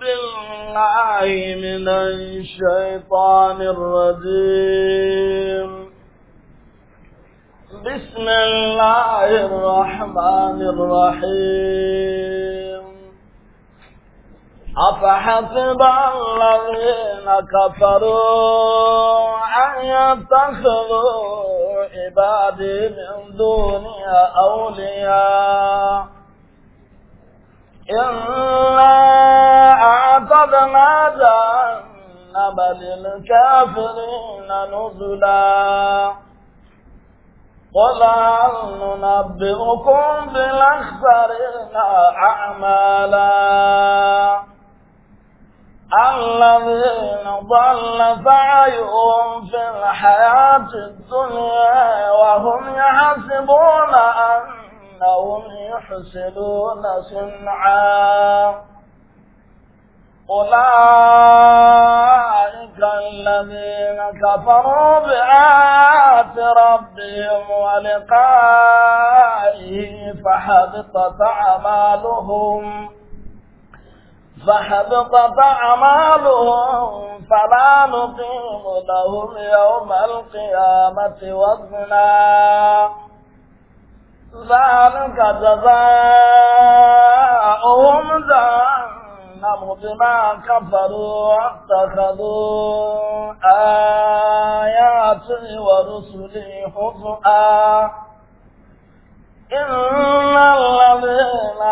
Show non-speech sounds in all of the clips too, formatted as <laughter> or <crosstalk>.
بالله من الشيطان الرجيم بسم الله الرحمن الرحيم أفحسب الذين كفروا أن يتخذوا عبادي من دوني أولياء إلا badnazaụ n'abalị azụri na nzụ ụlọaụ nọ na na na-adị An podilaaramlaaụlaina alarozeaaidowahụya haziụlọaụnanwunye ụzeazha أولئك الذين كفروا بآيات ربهم ولقائه فحبطت أعمالهم فحبطت أعمالهم فلا نقيم لهم يوم القيامة وزنا ذلك جزاؤهم ذنب جهنم بما كفروا واتخذوا آياتي ورسلي حزؤا إن الذين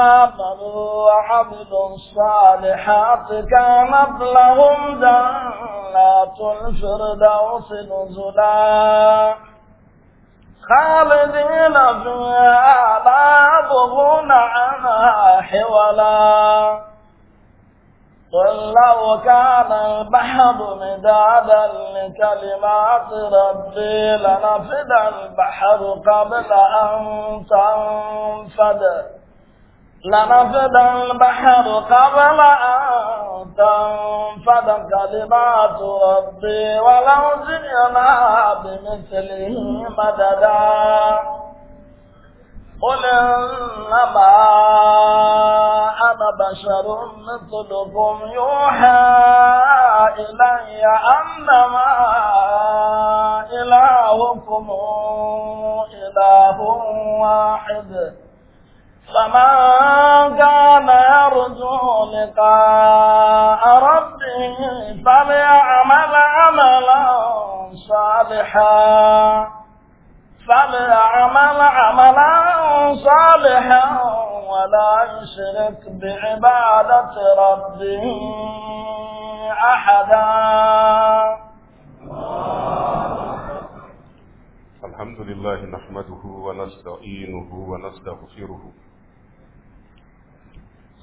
آمنوا وعملوا الصالحات كانت لهم جنات الفردوس نزلاً خالدين فيها لا يبغون عنها حولا قل لو كان البحر مدادا لكلمات ربي لنفد البحر قبل أن تنفد لنفد البحر قبل أن تنفد كلمات ربي ولو جئنا بمثله مددا قل إنما أنا بشر مثلكم يوحى إلي أنما إلهكم إله واحد فمن كان يرجو لقاء ربه فليعمل عملا صالحا فليعمل عملا صالحا ولا يشرك بعبادة ربه أحدا الحمد لله نحمده ونستعينه ونستغفره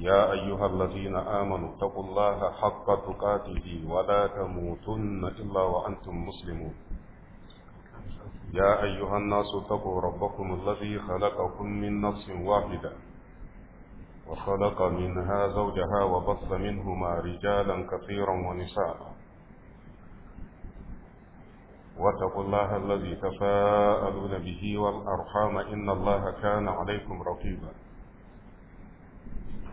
يا أيها الذين آمنوا اتقوا الله حق تقاته ولا تموتن إلا وأنتم مسلمون يا أيها الناس اتقوا ربكم الذي خلقكم من نفس واحدة وخلق منها زوجها وبث منهما رجالا كثيرا ونساء واتقوا الله الذي تفاءلون به والأرحام إن الله كان عليكم رقيبا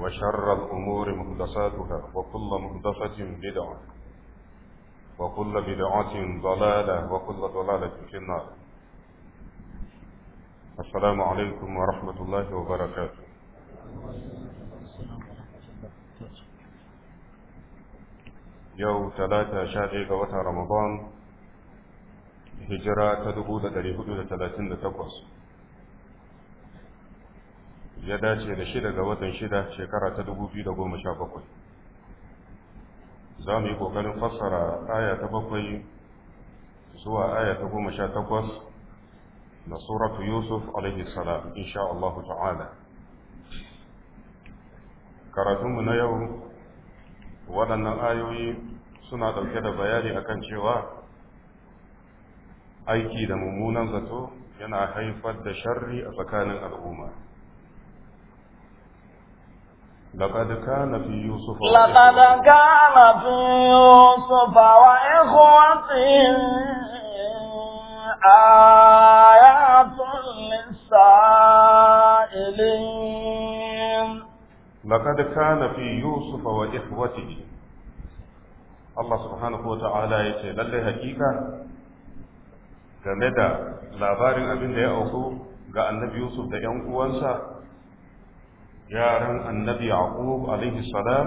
وشر الأمور مهدساتها وكل مهدسة بدعة وكل بدعة ضلالة وكل ضلالة في النار السلام عليكم ورحمة الله وبركاته يوم ثلاثة شهر رمضان هجرة تدبود لدري تلاتين لثلاثين لتقوص ya dace da shida ga watan shida shekara ta dubu biyu da goma sha bakwai za mu yi ƙoƙarin fassara aya ta bakwai zuwa aya ta goma sha takwas na suratu yusuf alaihi salam insha Allah ta'ala karatunmu na yau waɗannan ayoyi suna ɗauke da bayani akan cewa aiki da mummunan zato yana haifar da sharri a tsakanin al'umma لقد كان في يوسف لقد Allah subhanahu wa ta'ala ya ce, lallai hakika game da labarin abin da ya auku ga annabi Yusuf da ‘yan uwansa yaran annabi yaqub alaihi salam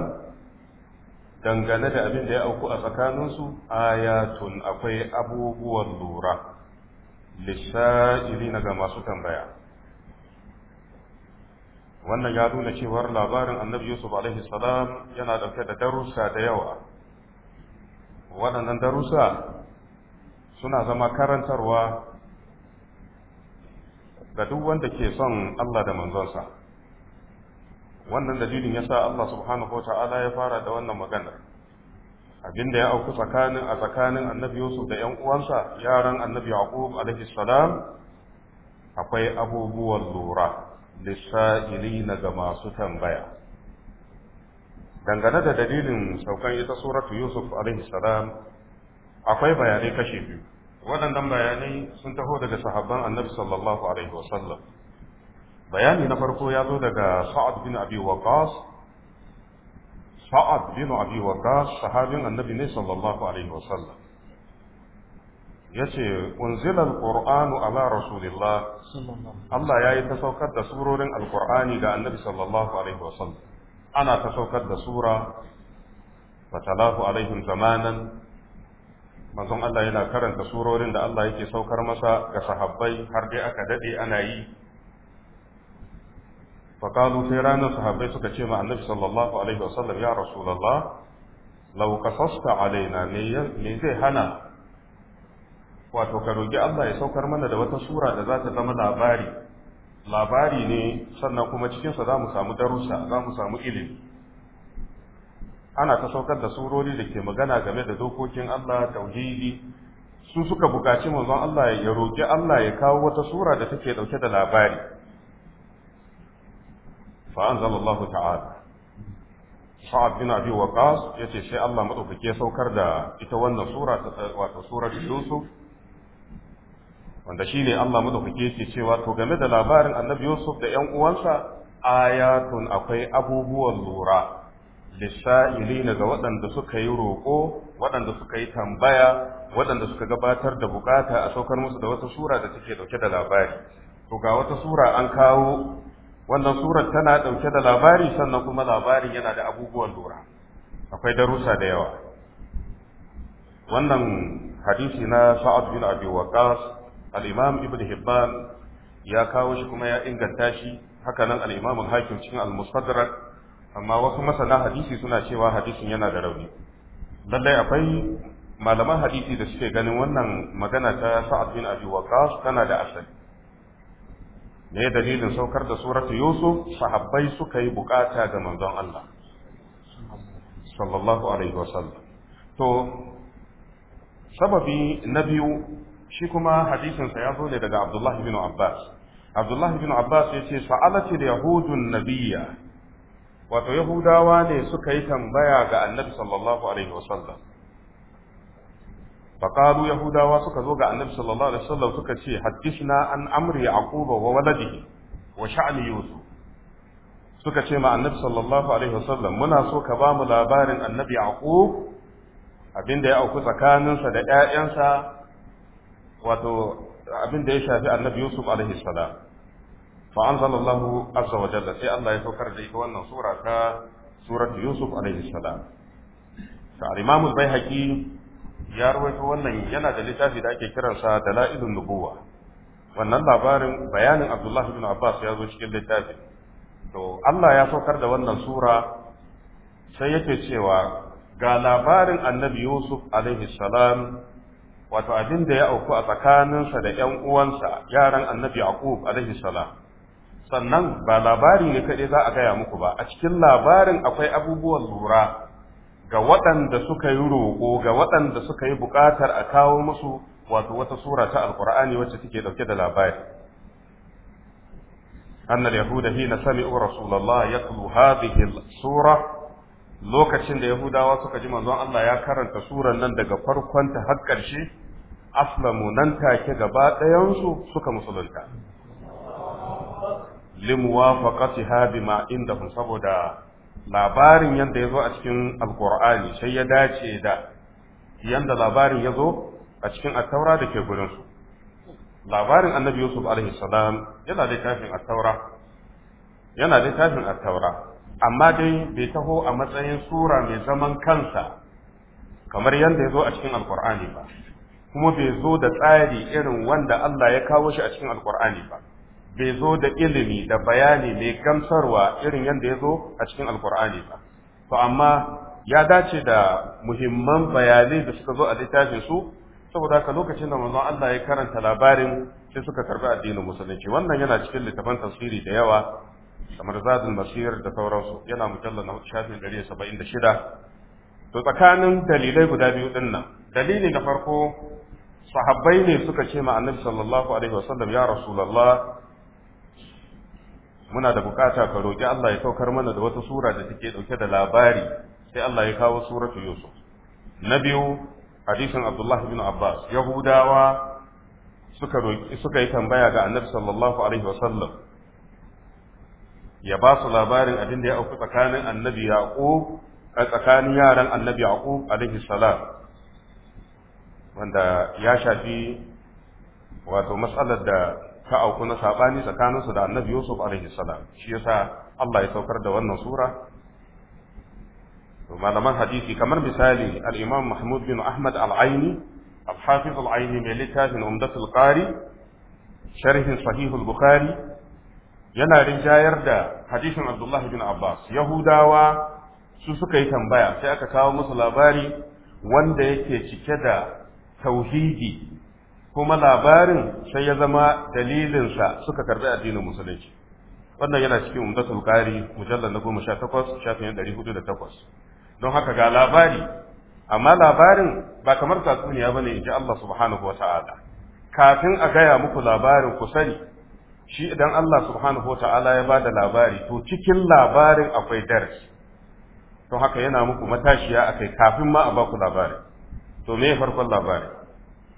dangane da abin da ya auku a tsakaninsu ayatun akwai abubuwan lura na ga masu tambaya wannan ya nuna cewar labarin annabi yusuf alaihi salam yana dauke da darussa da yawa waɗannan darussa suna zama karantarwa ga duk wanda ke son Allah da manzonsa wannan dalilin ya sa Allah subhanahu ta'ala ya fara da wannan maganar abinda ya auku tsakanin a tsakanin annabi Yusuf da ‘yan uwansa yaran annabi Yaqub alaihi salam akwai abubuwan lura lissa'ili na ga masu tambaya dangane da dalilin saukan ita suratu Yusuf alaihi salam akwai bayanai kashe biyu waɗannan bayanai sun taho daga sahabban annabi sallallahu alaihi wasallam bayani na farko ya zo daga sa'ad bin abi waqas sa'ad bin abi waqas sahabin annabi ne sallallahu alaihi wa wasallam yace unzila alqur'anu ala rasulillah Allah yayi ta saukar da surorin alqur'ani ga annabi sallallahu alaihi wa sallam. ana ta saukar da sura fatalahu alaihim zamanan manzon Allah yana karanta surorin da Allah yake saukar masa ga sahabbai har dai aka dade ana yi faƙalu sai ranar sahabbai suka ce ma annabi sallallahu alaihi wasallam ya rasulallah lau kasasta alaina me zai hana wato ka roƙi Allah ya saukar mana da wata sura da za ta zama labari labari ne sannan kuma cikinsa za mu samu darussa za mu samu ilimi ana ta saukar da surori da ke magana game da dokokin Allah tauhidi su suka buƙaci manzon Allah ya roƙi Allah ya kawo wata sura da take ɗauke da labari fa anzalallahu ta'ala sa'ad bin abi waqas yace sai Allah madaukake saukar da ita wannan sura wato surar Yusuf wanda ne Allah madaukake ke cewa to game da labarin Annabi Yusuf da 'yan uwansa ayatun akwai abubuwan lura lissa'ilina ga waɗanda suka yi roƙo waɗanda suka yi tambaya waɗanda suka gabatar da bukata a saukar musu da wata sura da take dauke da labari to ga wata sura an kawo wannan surar tana ɗauke da labari sannan kuma labarin yana da abubuwan lura akwai darussa da yawa wannan hadisi na sa'ad bin abi waqas al-imam ibn hibban ya kawo shi kuma ya inganta shi haka nan al-imam hakim cikin al-mustadrak amma wasu masana hadisi suna cewa hadisin yana da rauni lallai akwai malaman hadisi da suke ganin wannan magana ta sa'ad bin abi waqas tana da asali me dalilin saukar da suratu yusuf sahabbai suka yi bukata ga manzon Allah sallallahu alaihi wasallam to sababi na biyu shi kuma hadisinsa ya zo ne daga abdullahi bin abbas abdullahi bin abbas ya ce sa'alatil yahudun nabiyya wato yahudawa ne suka yi tambaya ga annabi sallallahu alaihi wasallam faqalu yahudawa suka zo ga annabi sallallahu alaihi wasallam suka ce hadithna an amri yaquba wa waladihi wa sha'ni yusuf suka ce ma annabi sallallahu alaihi wasallam muna so ka bamu labarin annabi yaqub abinda ya auku tsakaninsa da ƴaƴansa wato abinda ya shafi annabi yusuf alaihi salam fa anzalallahu azza wa jalla sai Allah ya saukar da ita wannan sura ta surat yusuf alaihi salam ta al-imam al-baihaqi ya rawaito wannan yana da littafi da ake kiransa dalailun nubuwa wannan labarin bayanin abdullahi bin abbas ya zo cikin littafi. to Allah ya saukar da wannan sura sai yake cewa ga labarin annabi yusuf alaihi salam wato abin da ya auku a tsakaninsa da ‘yan uwansa yaran annabi Yaqub alaihi salam sannan ba labari ne kaɗai za a gaya muku ba a cikin labarin akwai abubuwan lura ga waɗanda suka yi roƙo ga waɗanda suka yi buƙatar a kawo musu wato wata sura ta alƙur'ani wacce take ɗauke da labari annal yahuda hina sami'u rasulullah yatlu hadhihi sura lokacin da yahudawa suka ji manzon Allah ya karanta suran nan daga farkon ta har ƙarshe aslamu nan take gaba ɗayansu suka musulunta limuwafaqatiha bima indahum saboda labarin yadda ya zo a cikin alkur'ani sai ya dace da yadda labarin ya zo a cikin attaura da ke gurinsu labarin annabi yusuf alaihi salam yana littafin attaura yana littafin attaura amma dai bai taho a matsayin sura mai zaman kansa kamar yadda ya zo a cikin alkur'ani ba kuma bai zo da tsari irin wanda allah ya kawo shi a cikin alkur'ani ba bai zo da ilimi da bayani mai gamsarwa irin yadda ya zo a cikin alkur'ani ba to amma ya dace da muhimman bayanai da suka zo a littafin su saboda haka lokacin da manzon Allah ya karanta labarin sai suka karbi addinin musulunci wannan yana cikin littafan tafsiri da yawa kamar zadul masir da sauransu yana mujallal na shafin 176 to tsakanin dalilai guda biyu din nan dalili na farko sahabbai ne suka ce ma annabi sallallahu alaihi wasallam ya rasulullah muna da bukata ka roƙi Allah ya saukar mana da wata sura da take ɗauke da labari sai Allah ya kawo suratu Yusuf. Na biyu hadisin Abdullah bin Abbas Yahudawa suka suka yi tambaya ga Annabi sallallahu alaihi wasallam ya ba su labarin abin da ya auku tsakanin Annabi Yaqub tsakanin yaran Annabi Yaqub alaihi salam wanda ya shafi wato matsalar da Ka auku na saɓani tsakaninsu da annabi Yusuf alaihi salam shi yasa Allah ya saukar da wannan sura malaman hadisi kamar misali al-Imam Mahmud bin Ahmad al-Aini al-Hafiz al-Aini mai littafin Umdatul Qari sharhin sahihul al-Bukhari yana rinjayar da hadisin Abdullah bin Abbas Yahudawa su suka yi tambaya sai aka kawo musu labari wanda yake cike da tauhidi kuma labarin sai ya zama dalilinsa suka karbi addinin musulunci wannan yana cikin umdatul qari mujallal na goma sha takwas shafin ɗari hudu da takwas don haka ga labari amma labarin ba kamar tatsuniya bane in ji Allah subhanahu wata'ala kafin a gaya muku labarin ku sani shi idan Allah subhanahu wata'ala ya bada labari to cikin labarin akwai darasi don haka yana muku matashiya akai kafin ma a ba ku labari to me farkon labarin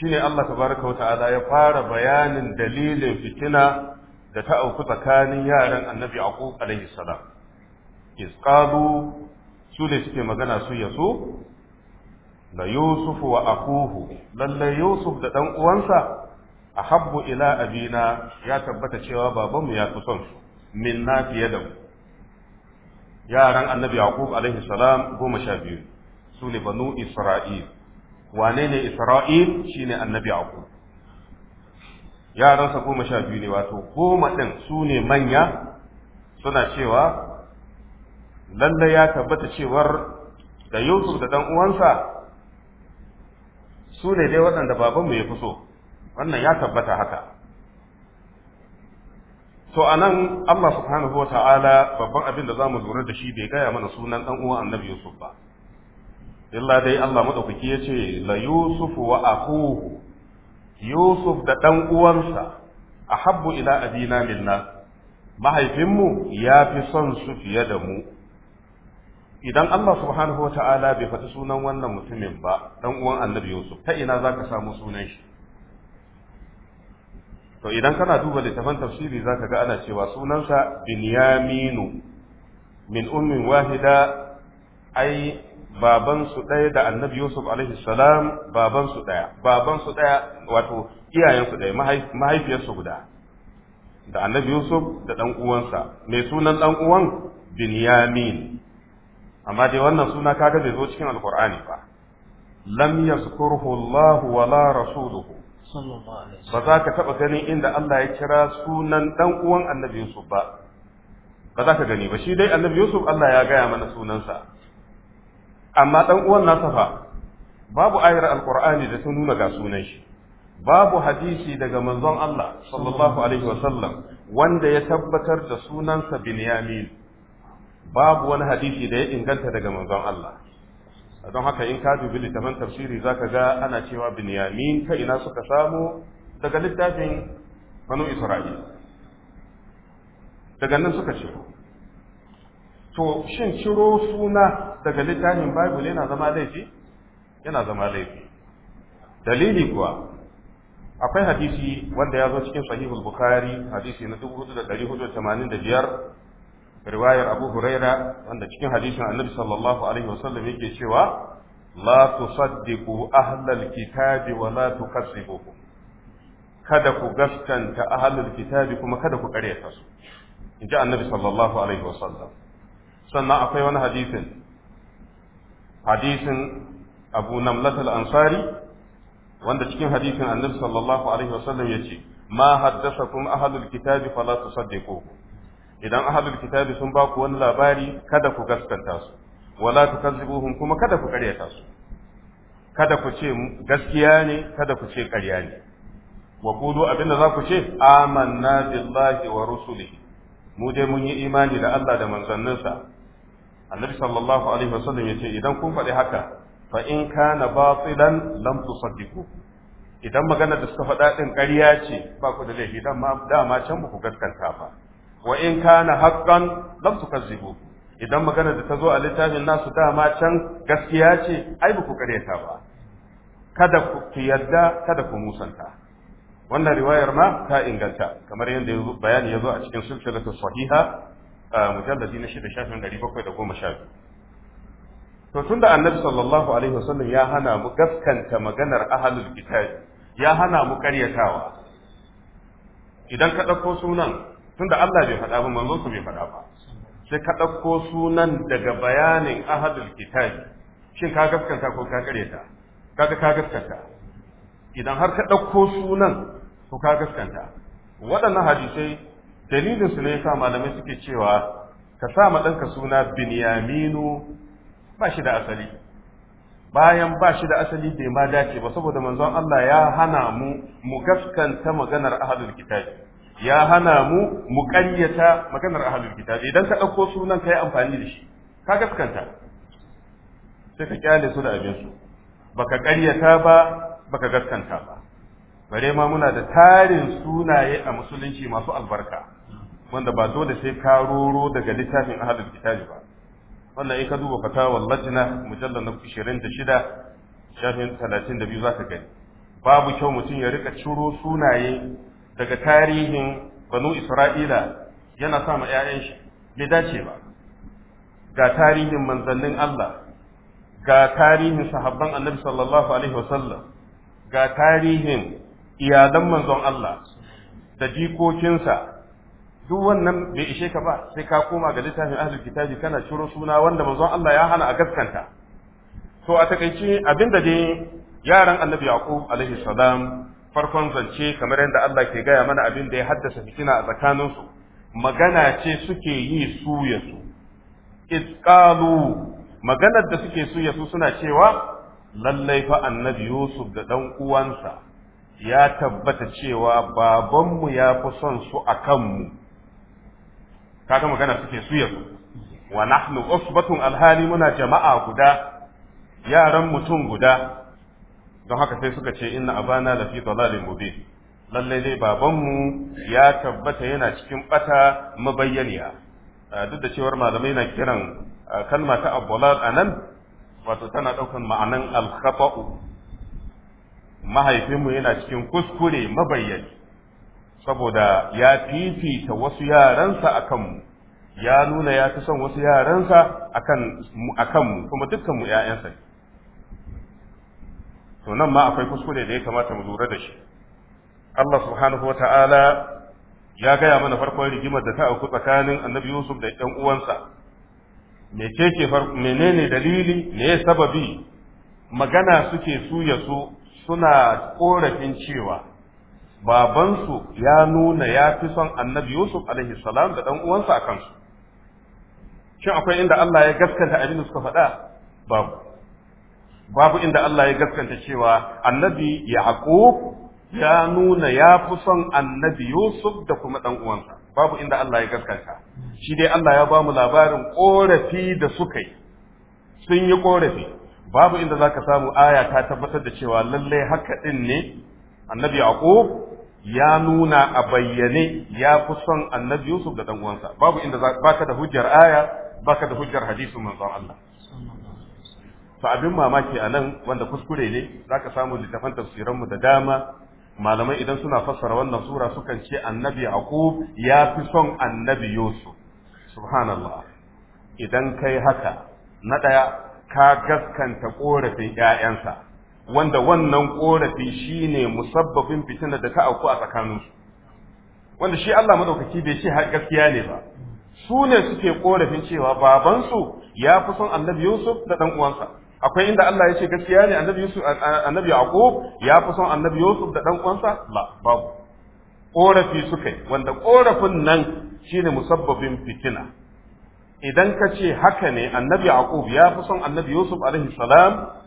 shine Allah tabaraka wata'ala ya fara bayanin dalilin fitina da ta auku tsakanin yaran annabi Aku alaihi salam isqalu su ne suke magana su yaso la yusuf wa akuhu lalle yusuf da dan uwansa ahabbu ila abina ya tabbata cewa babanmu ya fi son su min na fiye da mu yaran annabi Aku alaihi salam goma sha biyu su ne banu isra'il wane ne Isra'il ne annabi ku yaransa goma sha biyu ne wato goma ɗin su ne manya suna cewa lallai ya tabbata cewar da Yusuf da ɗan uwansa su ne dai waɗanda babanmu ya fi so wannan ya tabbata haka to a nan Allah subhanahu wa ta'ala babban abin da za mu lura da shi bai gaya mana sunan ɗan uwan annabi Yusuf ba illa dai Allah ya yace la yusuf wa akuhu yusuf da dan uwansa ahabbu ila abina minna mahaifinmu ya fi son su fiye da mu idan Allah subhanahu wa ta'ala bai faɗi sunan wannan mutumin ba dan uwan annabi yusuf ta ina zaka samu sunan shi to idan kana duba littafan tafsiri zaka ga ana cewa sunansa binyaminu min ummin wahida ai baban su ɗaya da annabi yusuf alaihi salam baban su ɗaya baban su ɗaya wato iyayen su ɗaya mahaifiyar su guda da annabi yusuf da ɗan'uwansa mai sunan ɗan'uwan binyamin amma dai wannan suna kaga bai zo cikin alqur'ani ba lam yazkurhu wa wala rasuluhu ba za ka taɓa ganin inda Allah ya kira sunan ɗan uwan annabi Yusuf ba, ba za ka gani ba, shi dai annabi Yusuf Allah ya gaya mana sunansa, amma dan uwan nasa fa babu ayar alqur'ani da ta nuna ga sunan shi babu hadisi daga manzon Allah sallallahu alaihi wasallam wanda ya tabbatar da sunansa Binyamin babu wani hadisi da ya inganta daga manzon Allah don haka in ka dubi littafin tafsiri zaka ga ana cewa Binyamin ka ina suka samu daga littafin Banu Isra'il daga nan suka ciro to shin ciro suna daga littafin bible yana zama laifi yana zama laifi dalili kuwa akwai hadisi wanda ya zo cikin sahihul bukhari hadisi na 4485 riwayar abu huraira wanda cikin hadisin annabi sallallahu alaihi wasallam yake cewa la tusaddiqu ahlal kitabi wa la tukazzibuhum kada ku gaskanta ahlul kitabi kuma kada ku karyata su inji annabi sallallahu alaihi wasallam sannan akwai wani hadisin hadisin abu namlat al-ansari wanda cikin hadisin annabi sallallahu alaihi wasallam yace ma haddathakum ahlul kitabi fala tusaddiqu idan ahlul kitabi sun ba ku wani labari kada ku gaskanta su wala tukazzibuhum kuma kada ku karyata su kada ku ce gaskiya ne kada ku ce karya ne wa qulu abinda za ku ce amanna billahi wa rusulihi mu dai mun yi imani da Allah da manzanninsa annabi sallallahu alaihi wasallam yace idan kun faɗi haka fa in kana batilan lam tusaddiqu idan magana da suka faɗa din ƙarya ce ba ku da laifi dan ma dama can ba ku gaskanta ba wa in kana haqqan lam tukazzibu idan magana da ta zo a littafin nasu dama can gaskiya ce ai ba ku ƙaryata ba kada ku yadda kada ku musanta wannan riwayar ma ta inganta kamar yadda bayani ya zo a cikin sulsulatul sahiha Mujallaci na shida shafin ɗari bakwai da goma sha biyu to tun da annabi sallallahu alaihi wasallam ya hana mu gaskanta maganar ahalul kitabi ya hana mu karyatawa idan ka ɗauko sunan tun da Allah bai faɗa ba manzon su bai faɗa ba sai ka ɗauko sunan daga bayanin ahalul kitabi shin ka gaskanta ko ka karyata kaga ka gaskanta idan har ka ɗauko sunan ko ka gaskanta waɗannan hadisai dalilin su ne sa malamai suke cewa ka sa ma ɗanka suna binyaminu ba shi da asali bayan ba shi da asali bai ma dace ba saboda manzon Allah ya hana mu mu gaskanta maganar ahlul kitabi ya hana mu mu ƙaryata maganar ahlul kitabi idan ka ɗauko sunan ka yi amfani da shi ka gaskanta sai ka kyale su da abinsu baka ƙaryata ba baka gaskanta ba bare ma muna da tarin sunaye a musulunci masu albarka wanda ba dole sai ka roro daga littafin ahadul kitabi ba wannan in ka duba fatawar lajna mujallal na 26 shafin 32 zaka gani babu kyau mutum ya rika ciro sunaye daga tarihin banu isra'ila yana sa ma 'ya'yan shi bai dace ba ga tarihin manzannin Allah ga tarihin sahabban annabi sallallahu alaihi wasallam ga tarihin iyalan manzon Allah da jikokinsa duk wannan bai ishe ka ba sai ka koma ga littafin ahlul kitabi kana ciro suna wanda manzon Allah ya hana a gaskanta to a takaice abinda dai yaran annabi yaqub alaihi salam farkon zance kamar yadda Allah ke gaya mana abin da ya haddasa fitina a tsakaninsu magana ce suke yi su ya su isqalu maganar da suke su ya su suna cewa lallai fa annabi yusuf da dan uwansa ya tabbata cewa babanmu ya fi son su a kanmu kaga magana suke su yanzu wa nahnu usbatun alhali muna jama'a guda yaran mutum guda don haka sai suka ce inna abana fi dalalin mubin lallai dai babanmu ya tabbata yana cikin bata mabayyaniya ah, duk da cewar malamai na kiran ah, kalma ta abdulal anan wato tana daukan ma'anan alkhata'u mahaifinmu yana cikin kuskure mabayyani saboda ya fifita wasu yaransa a kanmu ya nuna ya fi son wasu yaransa a kanmu kuma dukkanmu ‘ya'yansa to nan ma akwai kuskure da ya kamata mu lura da shi Allah subhanahu wa ta'ala ya gaya mana farkon rigimar da ta auku tsakanin annabi Yusuf da ‘yan uwansa menene dalili ne sababi magana suke su suna korafin cewa babansu ya nuna ya fi son annabi Yusuf alaihi salam da dan uwansa a kansu. Shin akwai inda Allah ya gaskanta abin da suka faɗa? Babu. Babu inda Allah ya gaskanta cewa annabi Yaqub ya nuna ya fi son annabi Yusuf da kuma ɗan'uwansa. uwansa. Babu inda Allah ya gaskanta. Shi dai Allah ya ba mu labarin ƙorafi da suka yi. Sun yi ƙorafi. Babu inda za ka samu aya ta tabbatar da cewa lallai haka ɗin ne annabi Yaqub ya nuna a bayyane ya fi son annabi Yusuf da dan uwansa babu inda baka da hujjar aya baka da hujjar hadisin manzon Allah to abin mamaki anan wanda kuskure ne zaka samu littafan tafsiran mu da dama malamai idan suna fassara wannan sura sukan ce annabi Yaqub ya fi son annabi Yusuf subhanallah idan kai haka na daya ka gaskanta korafin ƴaƴansa wanda wannan korafi shine musabbabin fitinar da ta auku a tsakaninsu wanda shi Allah madaukaki bai ce gaskiya ne ba su ne suke korafin cewa babansu ya fi son annabi Yusuf da dan uwansa akwai inda Allah ya ce gaskiya ne annabi Yusuf annabi Yaqub ya fi son annabi Yusuf da dan uwansa la babu korafi suka yi wanda korafin nan shine musabbabin fitina idan ka ce haka ne annabi Yaqub ya fi son annabi Yusuf alaihi salam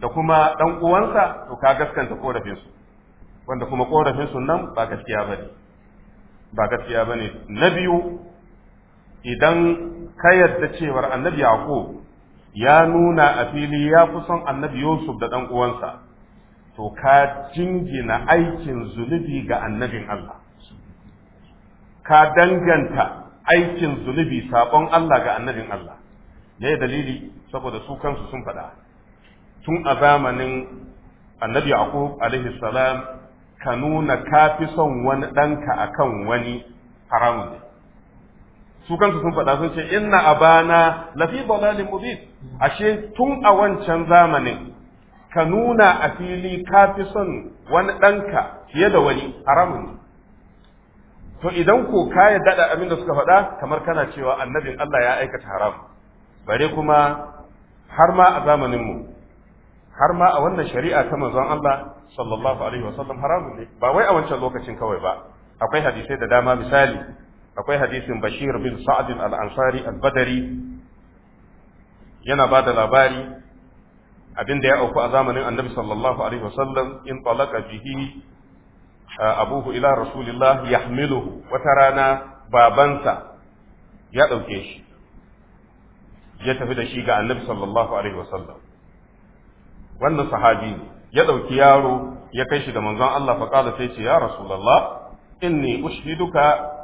da kuma ɗan uwansa to ka gaskanta korafin su wanda kuma korafin su nan ba gaskiya bane ba gaskiya bane na biyu idan ka yarda cewar annabi yaqo ya nuna a fili ya kusan annabi yusuf da ɗan uwansa to ka jingina aikin zunubi ga annabin Allah ka danganta aikin zunubi sabon Allah ga annabin Allah ne dalili saboda su kansu sun faɗa tun a zamanin annabi yaqub alaihi salam ka nuna ka fi son wani ɗanka akan wani haramun ne su kansu sun faɗa sun ce inna abana lafi dalalin mubin ashe tun a wancan zamanin ka nuna a fili ka fi son wani ɗanka fiye da wani haramun ne to idan ko ka yadda da abin da suka faɗa kamar kana cewa annabin Allah ya aikata haram bare kuma har ma a zamaninmu har ma a wannan shari'a ta manzon Allah sallallahu alaihi wasallam haramun ne ba wai a wancan lokacin kawai ba akwai hadisai da dama misali akwai hadisin Bashir bin Sa'd al-Ansari al-Badri yana ba da labari abin da ya auku a zamanin Annabi sallallahu alaihi wasallam in talaqa bihi abuhu ila rasulillah yahmiluhu wata rana babansa ya dauke shi ya tafi da shi ga Annabi sallallahu alaihi wasallam wannan sahabi ne ya ɗauki yaro ya kai shi da manzon Allah fa qala sai ce ya rasulullah inni ushiduka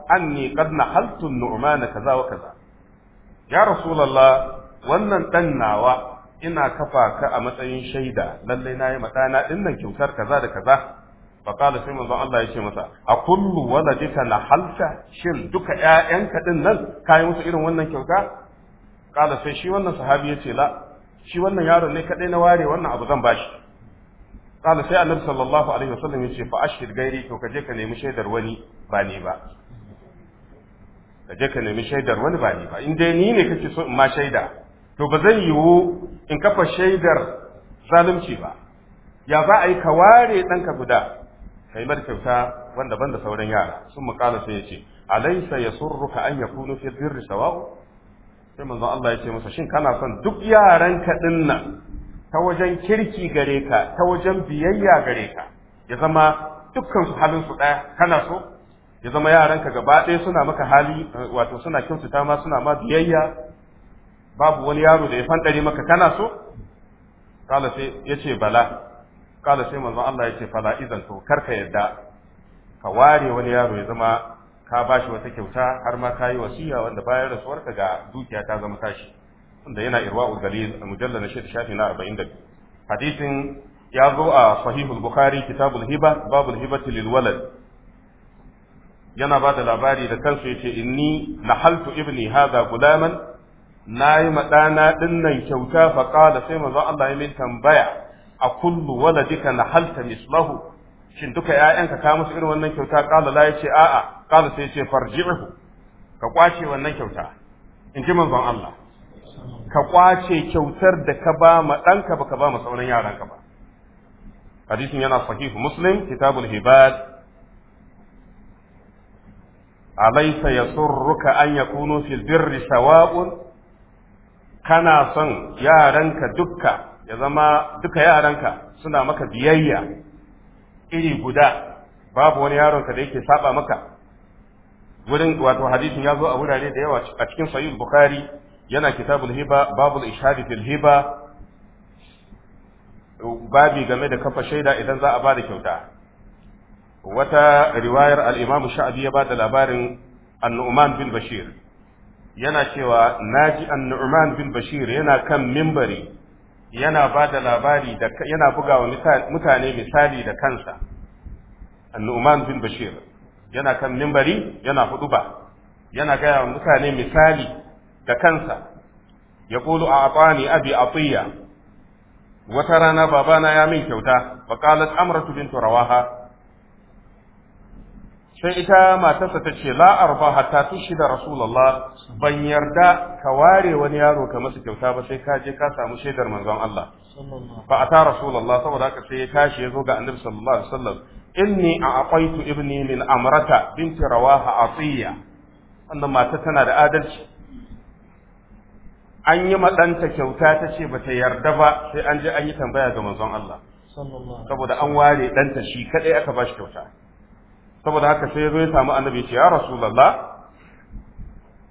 anni qad nahaltu nu'mana kaza wa kaza ya rasulullah wannan dan nawa ina kafa ka a matsayin shaida lalle nayi madana ɗinnan kyautar kaza da kaza fa qala sai manzon Allah ya ce masa a kullu waladika nahalta shin duka ƴaƴanka din nan kai musu irin wannan kyauta qala sai shi wannan sahabi ya ce la shi wannan yaron ne kadai na ware wannan abu zan bashi qala sai annabi sallallahu alaihi wasallam yace fa ashhid gairi to kaje ka nemi shaidar wani ba ni ba kaje ka nemi shaidar wani ba ni ba in dai ni ne kake so in ma shaida to ba zan yiwu in kafa shaidar zalunci ba ya za a yi ka ware ɗanka guda kai mar kyauta wanda ban da sauran yara sun muƙala sai ya ce alaisa ya surruka an ya kunu fi birri sawa'u sai manzon Allah ya ce masa shin kana son duk yaran ka nan ta wajen kirki gare ka ta wajen biyayya gare ka ya zama dukkan su halin su daya kana so ya zama yaran ka gaba ɗaya suna maka hali eh, wato suna kyautata ma suna ma biyayya babu wani yaro da ya fandare maka kana so kala sai yace bala kala sai manzon Allah yace fala idan to karka yadda ka ware wani yaro ya zama ka ba shi wata kyauta har ma ka yi wasiya wanda bayan rasuwarka ga dukiya ta zama tashi wanda yana irwa'u galil mujallar na shida shafi na arba'in da hadisin ya zo a sahihul bukhari kitabul hiba babul hibati lil walad yana ba da labari da kansu yace inni nahaltu ibni hadha gulaman nayi ma dana dinnan kyauta fa qala sai manzo Allah ya min tambaya a kullu waladika nahalta mislahu shin duka ƴaƴanka ka musu irin wannan kyauta qala la yace a'a qala sai yace farji'uhu ka kwace wannan kyauta in ji manzon Allah ka kwace kyautar da ka ba ma ɗanka ba ka ba ma sauran yaranka ba hadisin yana sahihu muslim kitabul hibad alaysa yasurruka an yakunu fil birri sawa'un kana son yaranka dukka ya zama duka yaranka suna maka biyayya iri guda babu wani yaronka da yake saba maka wurin wato hadisin ya zo a wurare da yawa a cikin sahih bukhari yana kitabul hiba babul ishadi fil hiba babi game da kafa shaida idan za a bada kyauta wata riwayar al-imam sha'bi ya bada labarin an bin bashir yana cewa naji an-nu'man bin bashir yana kan mimbari yana ba da labari da yana bugawa mutane misali da kansa annu'man bin bashir yana kan mimbari yana huduba yana gaya wa mutane misali da kansa ya kulu a atani abi atiya wata rana babana ya min kyauta faqalat amratu bint rawaha sai ita matarsa ta ce hata arba hatta da Rasulallah ban yarda ka ware wani yaro ka masa kyauta ba sai ka je ka samu shaidar manzon Allah a ta Rasulallah saboda haka sai ya tashi ya zo ga annabi sallallahu alaihi wasallam inni a'aqaitu ibni min amrata binti rawaha atiya wannan mata tana da adalci an yi maɗanta kyauta ta ce ba ta yarda ba sai an je an yi tambaya ga manzon Allah saboda an ware ɗanta shi kaɗai aka ba shi kyauta saboda haka sai ya zo ya samu annabi ce ya rasulullah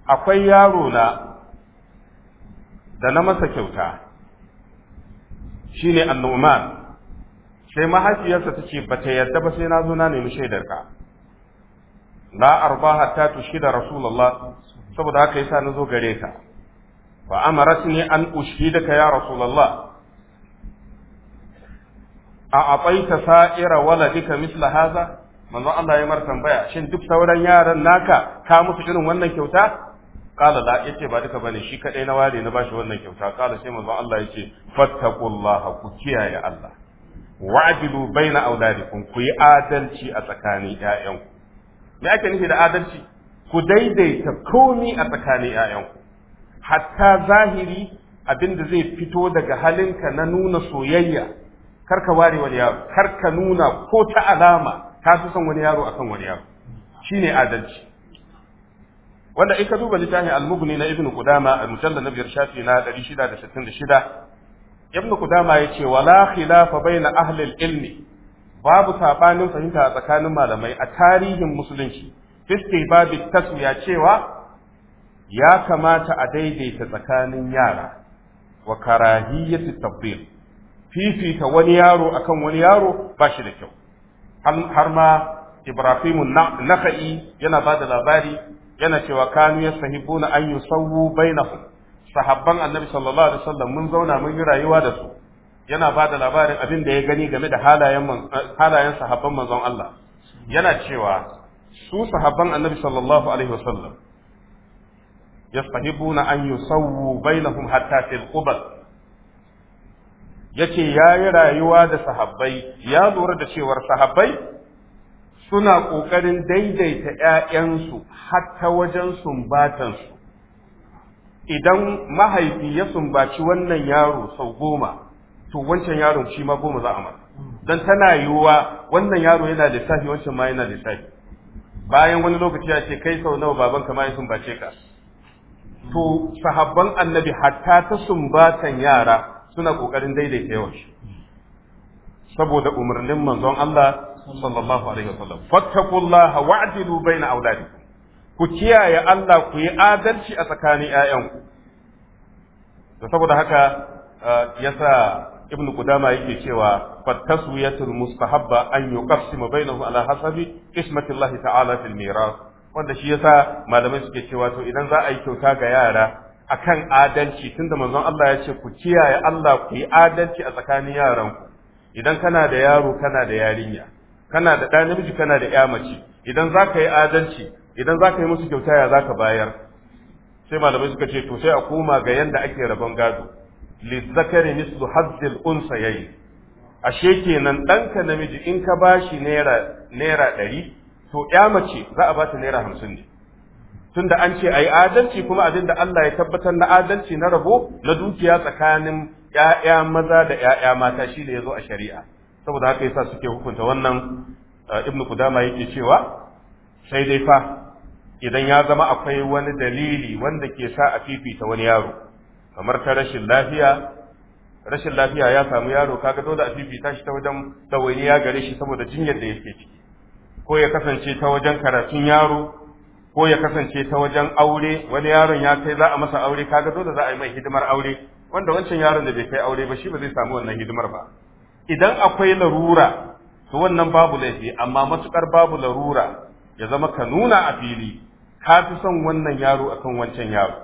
akwai yaro na da na masa kyauta shine annuman sai mahaifiyarsa ta ce bata yarda ba sai na zo na nemi shaidarka la arba hatta tushida rasulullah saboda haka yasa na zo gare ka fa amaratni an ka ya rasulullah a abaita sa'ira waladika misla haza manzo Allah ya mar tambaya shin duk sauran yaran naka ka musu irin wannan kyauta qala la yace ba duka bane shi kadai na ware na bashi wannan kyauta qala sai manzo Allah yace fattaqullaha ku kiyaye Allah wa'dilu baina awladikum ku yi adalci a tsakanin ƴaƴanku me ake nufi da adalci ku daidaita komi a tsakanin ƴaƴanku hatta zahiri abin da zai fito daga halinka na nuna soyayya karka ware wani yaro karka nuna ko ta alama ka fi son wani yaro akan wani yaro shine adalci wanda in ka duba littafin al-mughni na ibnu qudama al-mujallad na biyar shafi na 666 ibnu qudama yace wala khilafa baina ahli al-ilmi babu sabanin fahimta a tsakanin malamai a tarihin musulunci fiske babu ya cewa ya kamata a daidaita tsakanin yara wa fi tabdil fifita wani yaro akan wani yaro ba shi da kyau har ma Ibrahim Naka'i yana ba da labari yana cewa kanu ya sahibu na an yi sauwu bainahum sahabban annabi sallallahu alaihi wasallam mun zauna mun yi rayuwa da su yana ba da labarin abin da ya gani game da halayen halayen sahabban manzon Allah yana cewa su sahabban annabi sallallahu alaihi wasallam yastahibuna an yusawwu bainahum hatta fil qubal yace yi rayuwa da sahabbai ya lura da cewar sahabbai suna kokarin daidaita ƴaƴansu hatta wajen sumbatansu idan mahaifi ya sumbaci wannan yaro sau goma to wancan yaron shi ma goma za a masa dan tana yiwuwa wannan yaro yana lissafi wancan ma yana lissafi bayan wani lokaci ya ce kai sau nawa baban ka ma ya sumbace ka to sahabban annabi hatta ta sumbatan yara suna ƙoƙarin daidaita yawan shi saboda umarnin manzon Allah sallallahu alaihi wasallam fattaqullaha wa'dilu baina auladikum ku kiyaye Allah ku yi adalci a tsakanin ƴaƴanku da saboda haka eh, yasa ibnu qudama yake cewa fattaswiyatul mustahabba an yuqassima bainahu ala hasabi qismatillahi ta'ala fil miras wanda shi yasa malamai suke cewa to idan za a yi kyauta ga yara akan adalci tunda manzon Allah ya ce ku kiyaye Allah ku yi adalci a tsakanin yaran ku idan kana da yaro kana da yarinya kana da ɗa namiji kana da ƴa mace idan za ka yi adalci idan zaka yi musu kyauta ya zaka bayar sai malamai suka ce to sai a koma ga yanda ake rabon gado lizzakari mislu hazzil unsa yayi ashe kenan ɗanka namiji in ka bashi naira naira ɗari to ƴa mace za a ba ta naira hamsin ne tunda an ce a yi adalci kuma abin da Allah ya tabbatar na adalci na rabo na dukiya tsakanin ‘ya'ya maza da ‘ya'ya mata shi ne ya zo a shari'a saboda haka yasa suke hukunta wannan eh, ibn kudama yake cewa sai dai fa idan ya zama akwai wani dalili wanda ke sa a fifita wani yaro kamar ta rashin lafiya rashin lafiya ya samu yaro kaga dole a fifita shi ta wajen ya gare shi saboda jinyar da yake ciki ko ya kasance ta wajen karatun yaro ko ya kasance ta wajen aure wani yaron ya kai za a masa aure kaga dole za a yi mai hidimar aure wanda wancan yaron da bai kai aure ba shi ba zai samu wannan hidimar ba idan akwai larura to wannan babu laifi amma matukar babu larura ya zama ka nuna a fili ka fi son wannan yaro akan wancan yaro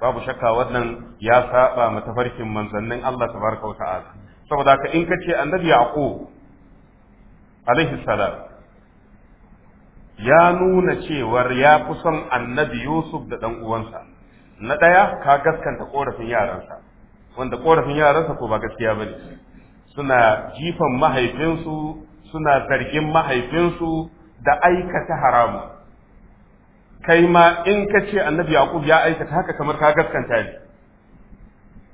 babu shakka wannan ya saba ma tafarkin manzannin Allah tabaraka wa ta'ala saboda ka in ka ce annabi yaqub alaihi salam ya nuna cewar ya fi son annabi Yusuf da ɗan uwansa. Na ɗaya ka gaskanta ƙorafin yaransa, wanda ƙorafin yaransa ko ba gaskiya ba ne. Suna jifan mahaifinsu, suna zargin mahaifinsu da aikata haramu. Kai ma in ka ce annabi Yaƙub ya aikata haka kamar ka gaskanta ne.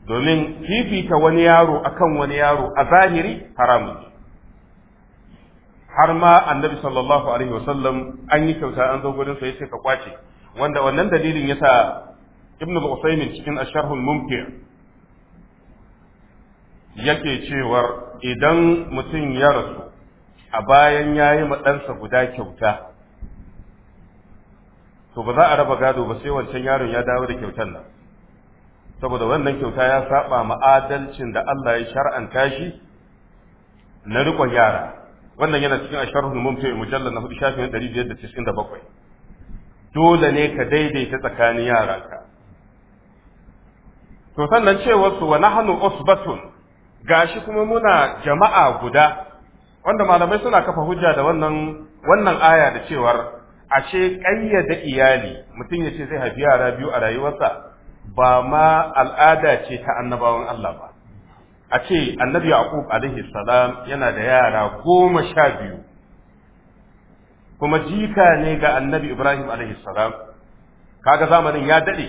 Domin fifita wani yaro akan wani yaro a zahiri haramu. har ma annabi sallallahu alaihi wasallam an yi kyauta an zo gurin sa yace ka kwace wanda wannan dalilin yasa ibnu al-usaymin cikin al mumti yake cewar idan mutum ya rasu a bayan yayi ma ɗansa guda kyauta to ba za a raba gado ba sai wancan yaron ya dawo da kyautar nan saboda wannan kyauta ya saba ma adalcin da Allah ya shar'anta shi na rikon yara wannan yana cikin asharhul mumti mujallal na hudu shafin bakwai dole ne ka daidaita tsakanin ka. to sannan cewar su wa nahnu usbatun gashi kuma muna jama'a guda wanda malamai suna kafa hujja da wannan wannan aya da cewar ashe ƙayyade iyali mutum ya ce zai haifi yara biyu a rayuwarsa ba ma al'ada ce ta annabawan Allah ba a ce annabi yaqub alaihi salam yana da yara goma sha biyu kuma jika ne ga annabi ibrahim alaihi salam kaga zamanin ya daɗe?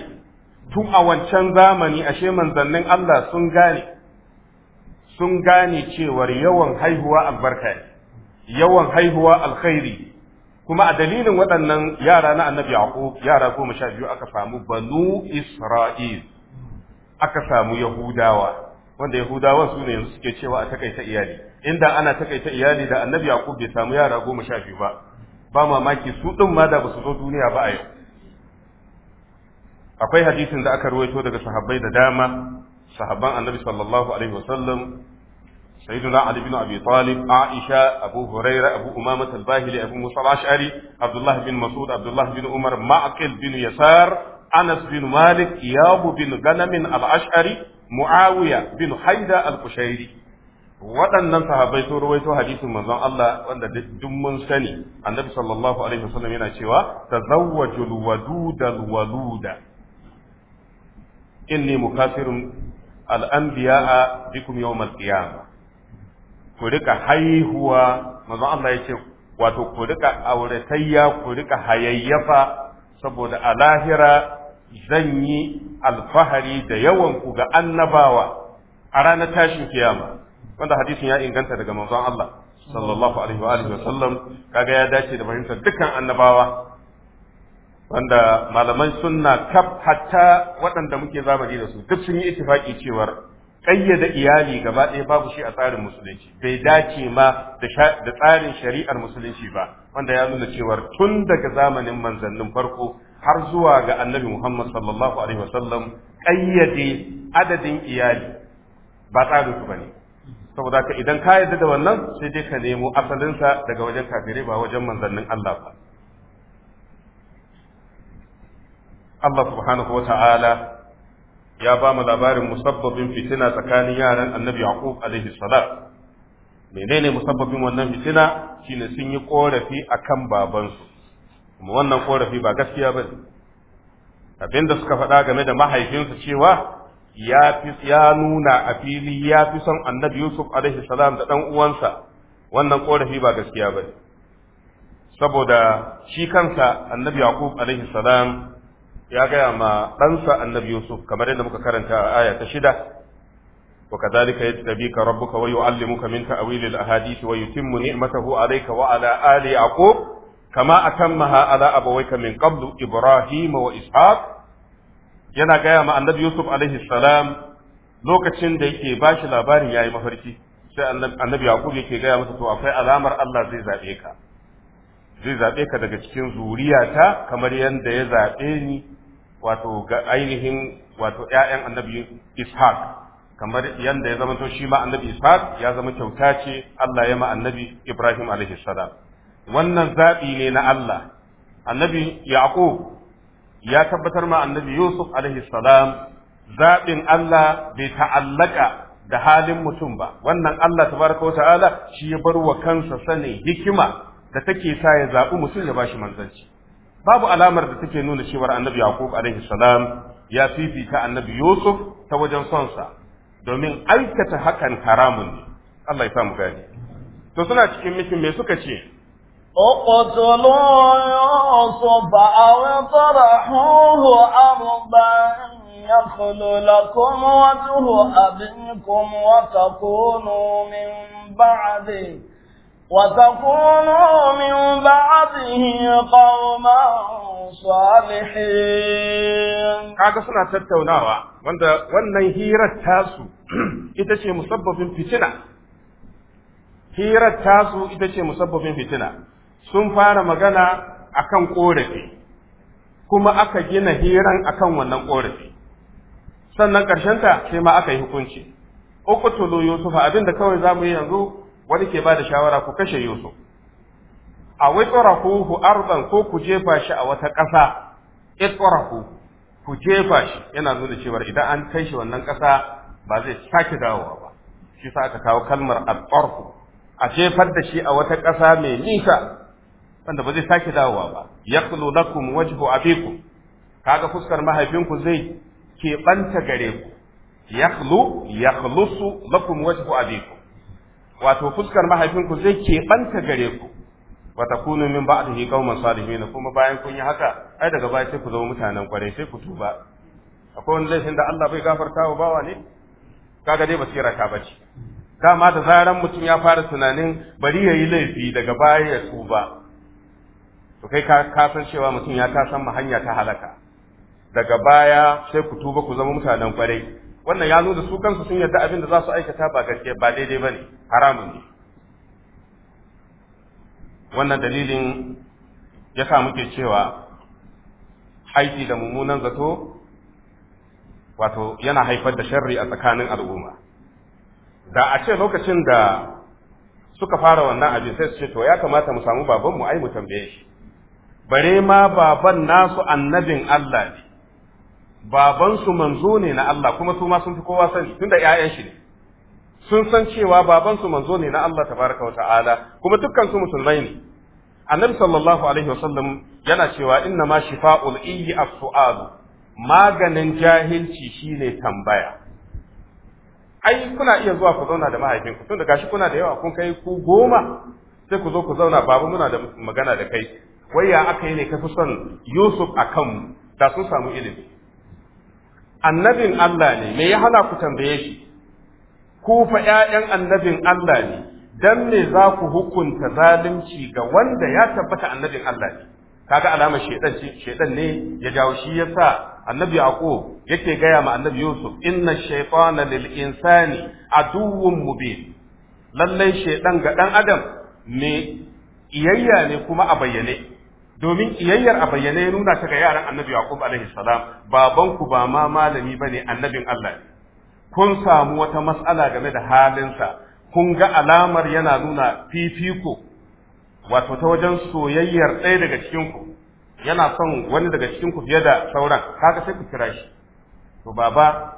tun a wancan zamani ashe manzannin Allah sun gane sun gane cewar yawan haihuwa albarka yawan haihuwa alkhairi kuma a dalilin waɗannan yara na annabi yaqub yara goma sha biyu aka samu banu isra'il aka samu yahudawa wanda Yahudawa su ne yanzu suke cewa a takaita iyali inda ana takaita iyali da annabi yaqub bai samu yara goma sha biyu ba ba mamaki su din ma da basu zo duniya ba a yau akwai hadisin da aka ruwaito daga sahabbai da dama sahabban annabi sallallahu alaihi wasallam سيدنا علي بن ابي طالب عائشه ابو هريره ابو امامه الباهلي ابو موسى الاشعري عبد الله بن مسعود عبد الله بن عمر معقل بن يسار انس بن مالك اياب بن غنم الاشعري muawiya bin haida al-kushairi waɗannan sahabbai sun ruwaito hadisin manzon Allah wanda duk mun sani annabi sallallahu alaihi wasallam yana cewa tazawwajul wadudal waluda inni mukafirun al-anbiya'a bikum yawm al-qiyamah ku rika haihuwa manzon Allah ya ce wato ku rika auratayya ku rika hayayyafa saboda a lahira zan yi alfahari da yawan ku ga annabawa a ranar tashin kiyama wanda hadisin ya inganta daga manzon Allah sallallahu alaihi wa alihi Sallam kaga ya dace da fahimtar dukkan annabawa wanda malaman sunna kaf hatta waɗanda muke zamani da su duk sun yi ittifaki cewar ƙayyada iyali gaba ɗaya babu shi a tsarin musulunci bai dace ma da tsarin shari'ar musulunci ba wanda ya nuna cewar tun daga zamanin manzannin farko har zuwa ga annabi Muhammad sallallahu alaihi wasallam ƙayyade adadin iyali ba tsarin su bane saboda ka idan ka yarda da wannan sai dai ka nemo asalinsa daga wajen kafirai ba wajen manzannin Allah ba Allah subhanahu wa ta'ala ya ba mu labarin musabbabin fitina tsakanin yaran annabi Yaqub alaihi salam menene musabbabin wannan fitina shine sun yi korafi akan babansu kuma wannan korafi ba gaskiya ba abinda suka faɗa game da mahaifinsa cewa ya fi ya nuna a fili ya fi son annabi yusuf alaihi salam da ɗan uwansa wannan korafi ba gaskiya ba saboda shi kansa annabi yaqub alaihi salam ya gaya ma ɗansa annabi yusuf kamar yadda muka karanta a aya ta shida وكذلك يجتبيك ربك ويعلمك من تأويل الأحاديث ويتم نعمته عليك وعلى آل يعقوب kama atammaha ala abawayka min qablu ibrahim wa ishaq yana gaya ma annabi yusuf alaihi salam lokacin da yake bashi labarin yayi mafarki sai annabi yaqub yake gaya masa to akwai alamar Allah zai zabe ka zai zabe ka daga cikin zuriyata kamar yadda ya zabe ni wato ga ainihin wato ƴaƴan annabi ishaq kamar yadda ya zama to shi ma annabi ishaq ya zama kyauta ce Allah ya ma annabi ibrahim alaihi salam wannan zaɓi ne na Allah annabi yaqub ya tabbatar ma annabi yusuf alaihi salam zaɓin Allah bai ta'allaka da halin mutum ba wannan Allah tabaraka wa ta'ala shi ya bar wa kansa sanin hikima da take sa ya zaɓi mutum ya bashi manzanci babu alamar da take nuna cewar annabi yaqub alaihi salam ya fifita annabi yusuf ta wajen sonsa domin aikata hakan haramun ne Allah ya samu gani to suna cikin mikin me suka ce اقتلوا يوسف أو اطرحوه أرضا يخل لكم وجه أبيكم وتكونوا من بعده وتكونوا من بعده قوما صالحين kaga suna tattaunawa wanda wannan hirar tasu ita ce musabbabin fitina hirar tasu ita ce musabbabin fitina sun fara magana a kan ƙorafi kuma aka gina hiran a kan wannan ƙorafi sannan ƙarshen ta sai ma aka yi hukunci ukutulu yusuf abin da kawai mu yi yanzu wani ke bada shawara ku kashe yusuf a ku ardan ko ku jefa shi a wata ƙasa itsarahu ku jefa shi yana nuna cewa idan an kai shi wannan ƙasa ba zai sake dawowa ba shi sa aka kawo kalmar al a jefar da shi a wata ƙasa mai nisa wanda ba zai sake dawowa ba yakhlu lakum wajhu abikum kaga fuskar mahaifinku zai keɓanta gare ku yakhlu yakhlusu lakum wajhu abikum wato fuskar mahaifinku zai keɓanta gare ku wa takunu min ba'dihi qauman salihin kuma bayan kun yi haka ai daga baya sai ku zama mutanen kwarai sai ku tuba akwai wani laifin da Allah bai gafarta wa bawa ne kaga dai basira ta bace dama da zaran mutum ya fara tunanin bari yayi laifi daga baya ya tuba to kai ka san cewa mutum ya tasa san hanya ta halaka daga baya sai ku tuba ku zama mutanen kwarai wannan ya zo da su kansu sun yarda abin da za su aikata ba gaske ba daidai bane haramun ne wannan dalilin ya sa muke cewa aiki da mummunan zato wato yana haifar da sharri a tsakanin al'umma da a ce lokacin da suka fara wannan abin sai su ce to ya kamata mu samu babanmu ai mu tambaye shi bare ma baban nasu annabin Allah ne babansu manzo ne na Allah kuma su ma sun fi kowa sani tunda ƴaƴan shi ne sun san cewa babansu manzo ne na Allah tabaraka wa ta'ala kuma dukkan su musulmai ne annabi sallallahu alaihi wasallam yana cewa inna ma shifa'ul Iyi as-su'al maganin jahilci shine tambaya ai kuna iya zuwa ku zauna da mahaifinku tunda gashi kuna da yawa kun kai ku goma sai ku zo ku zauna babu muna da magana da kai wai ya aka yi ne ka fi son Yusuf a kanmu da sun samu ilimi annabin Allah ne me ya hana ku tambaye shi ku fa yayan annabin Allah ne dan me za ku hukunta zalunci ga wanda ya tabbata annabin Allah ne kaga alamar alama shaidan ne ya jawo shi ya sa annabi yaqub yake gaya ma annabi yusuf inna shaifana lil insani mu mubin lallai shaiɗan ga ɗan adam ne iyayya ne kuma a bayyane domin iyayyar a bayyane ya nuna ta ga yaran annabi yaqub alaihi salam baban ku ba ma malami bane annabin Allah kun samu wata matsala game da halinsa kun ga alamar yana nuna fifiko wato ta wajen soyayyar ɗaya daga cikin ku yana son wani daga cikin ku fiye da sauran kaga sai ku kira shi to baba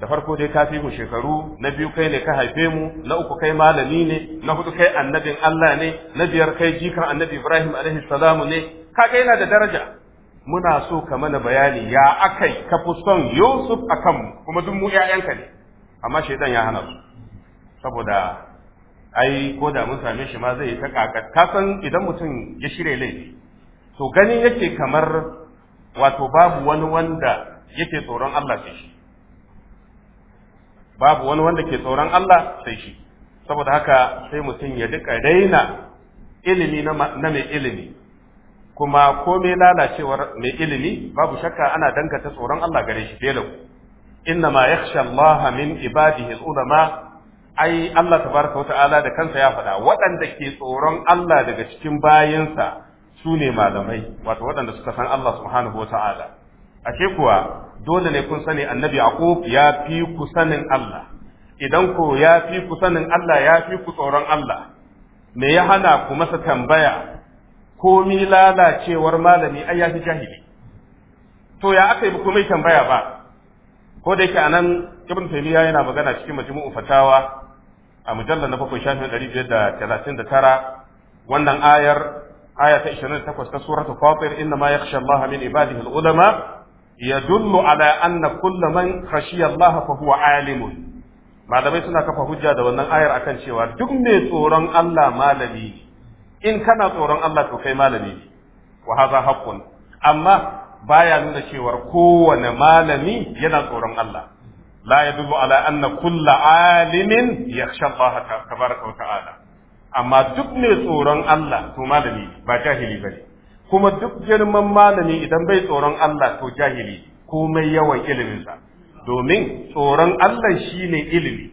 da farko dai ka fi mu shekaru na biyu kai ne ka haife mu na uku kai malami ne na hudu kai annabin Allah ne na biyar kai jikan annabi Ibrahim alaihi salamu ne kaga yana da daraja muna so ka mana bayani ya akai ka fi son Yusuf akan kanmu. kuma duk mu ƴaƴanka ne amma shaidan ya hana su saboda ai ko da mun same shi ma zai ta kakar ka san idan mutum ya shirya laifi to ganin yake kamar wato babu wani wanda yake tsoron Allah sai shi babu wani wanda ke tsoron Allah sai shi saboda haka sai mutum ya duka daina ilimi na mai ilimi kuma komai lalacewar mai ilimi babu shakka ana danganta tsoron Allah gare shi dela inna ma yakhsha Allah min ibadihi ulama ai Allah tabaraka wa ta'ala da kansa ya faɗa waɗanda ke tsoron Allah daga cikin bayinsa sune malamai wato waɗanda suka san Allah subhanahu wa ashe kuwa dole ne kun sani annabi yaqub ya fi ku sanin Allah idan ku ya fi ku sanin Allah ya fi ku tsoron Allah me ya hana ku masa tambaya komi lalacewar malami ai ya fi jahili to ya aka yi komai tambaya ba ko da yake anan ibn taymiya yana magana cikin majmu'u fatawa a mujallar na bakwai shafin ɗari biyar da talatin da tara wannan ayar aya ta ishirin da takwas ta suratul fatir inna ma yakhsha Allah min ibadihi al-ulama yadullu ala anna kulla man khashiya Allah fa huwa alimun malamai suna kafa hujja da wannan ayar akan cewa duk mai tsoron Allah malami in kana tsoron Allah to kai malami ne wa haza haqqun amma baya nuna cewa kowane malami yana tsoron Allah la yadullu ala anna kulla alimin yakhsha Allah tabaraka wa ta'ala amma duk mai tsoron Allah to malami ba jahili bane kuma duk girman malami idan bai tsoron Allah to jahili komai yawan iliminsa domin tsoron Allah shine ilimi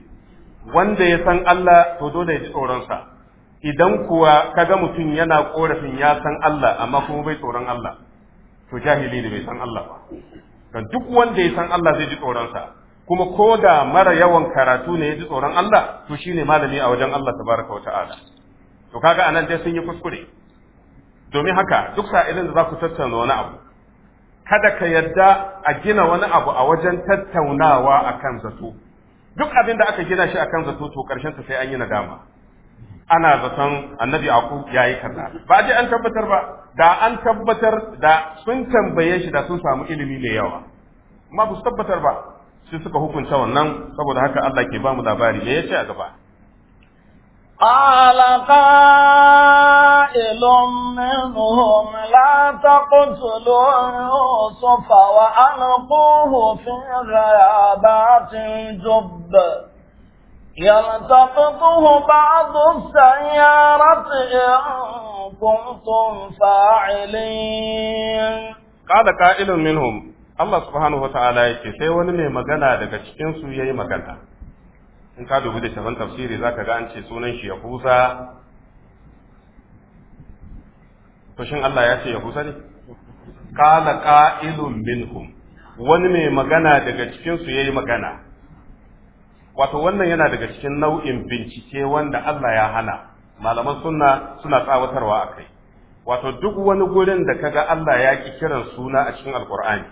wanda ya san Allah to dole ya ji tsoronsa idan kuwa kaga mutum yana korafin ya san Allah amma kuma bai tsoron Allah to jahili ne bai san Allah ba dan duk wanda ya san Allah zai ji tsoronsa kuma ko da mara yawan karatu ne ya ji tsoron Allah to shine malami a wajen Allah tabaraka wa ta'ala to kaga anan dai sun yi kuskure domin haka duk sa'ilin da za ku tattauna wani abu kada ka yadda a gina wani abu a wajen tattaunawa akan zato duk abin da aka gina shi akan zato to karshen ta sai an yi nadama ana zaton annabi aku ya yi kaza ba je an tabbatar ba da an tabbatar da sun tambaye shi da sun samu ilimi mai yawa amma ba su tabbatar ba sai suka hukunta wannan saboda haka Allah ke ba mu labari me yace a gaba قال قائل منهم لا تقتلوا يوسف وألقوه في غيابات الجب يلتقطه بعض السيارة إن كنتم فاعلين قال قائل منهم Allah subhanahu wa ta'ala ya ce sai wani mai magana daga cikinsu ya yi magana, in ka dubi da shafan tafsiri za ka ga an ce sunan shi Yahuza, fushin Allah ya ce Yahuza ne? Kala ƙa'ilun minhum, wani mai magana daga cikinsu ya yi magana, wato wannan yana daga cikin nau'in bincike wanda Allah ya hana malaman sunna suna tsawatarwa a kai wato duk wani gurin da kaga Allah ya ki kiran suna a cikin alkur'ani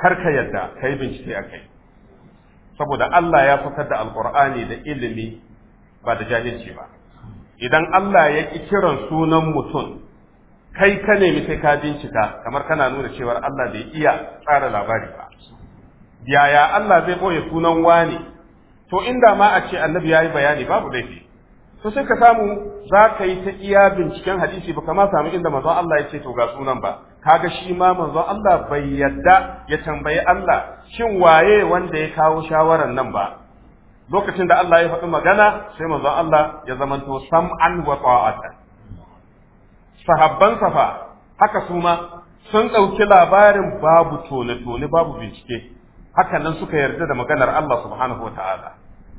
kar ka yadda kai bincike a kai saboda Allah ya fitar da alkur'ani da ilimi ba da jahilci ba idan Allah ya ki kiran sunan mutum kai ka nemi sai ka bincika kamar kana nuna cewar Allah bai iya tsara labari ba yaya Allah zai boye sunan wani to inda ma a ce annabi ya yi bayani babu laifi to sai ka samu za ka yi ta iya binciken hadisi ba kama samu inda manzon Allah ya ce to ga sunan ba kaga shi ma manzon Allah bai yadda ya tambayi Allah shin waye wanda ya kawo shawaran nan ba lokacin da Allah ya faɗi magana sai manzon Allah ya zamanto sam'an wa ta'ata sahabban safa haka su sun ɗauki labarin babu tone-tone babu bincike Hakanan nan suka yarda da maganar Allah subhanahu wa ta'ala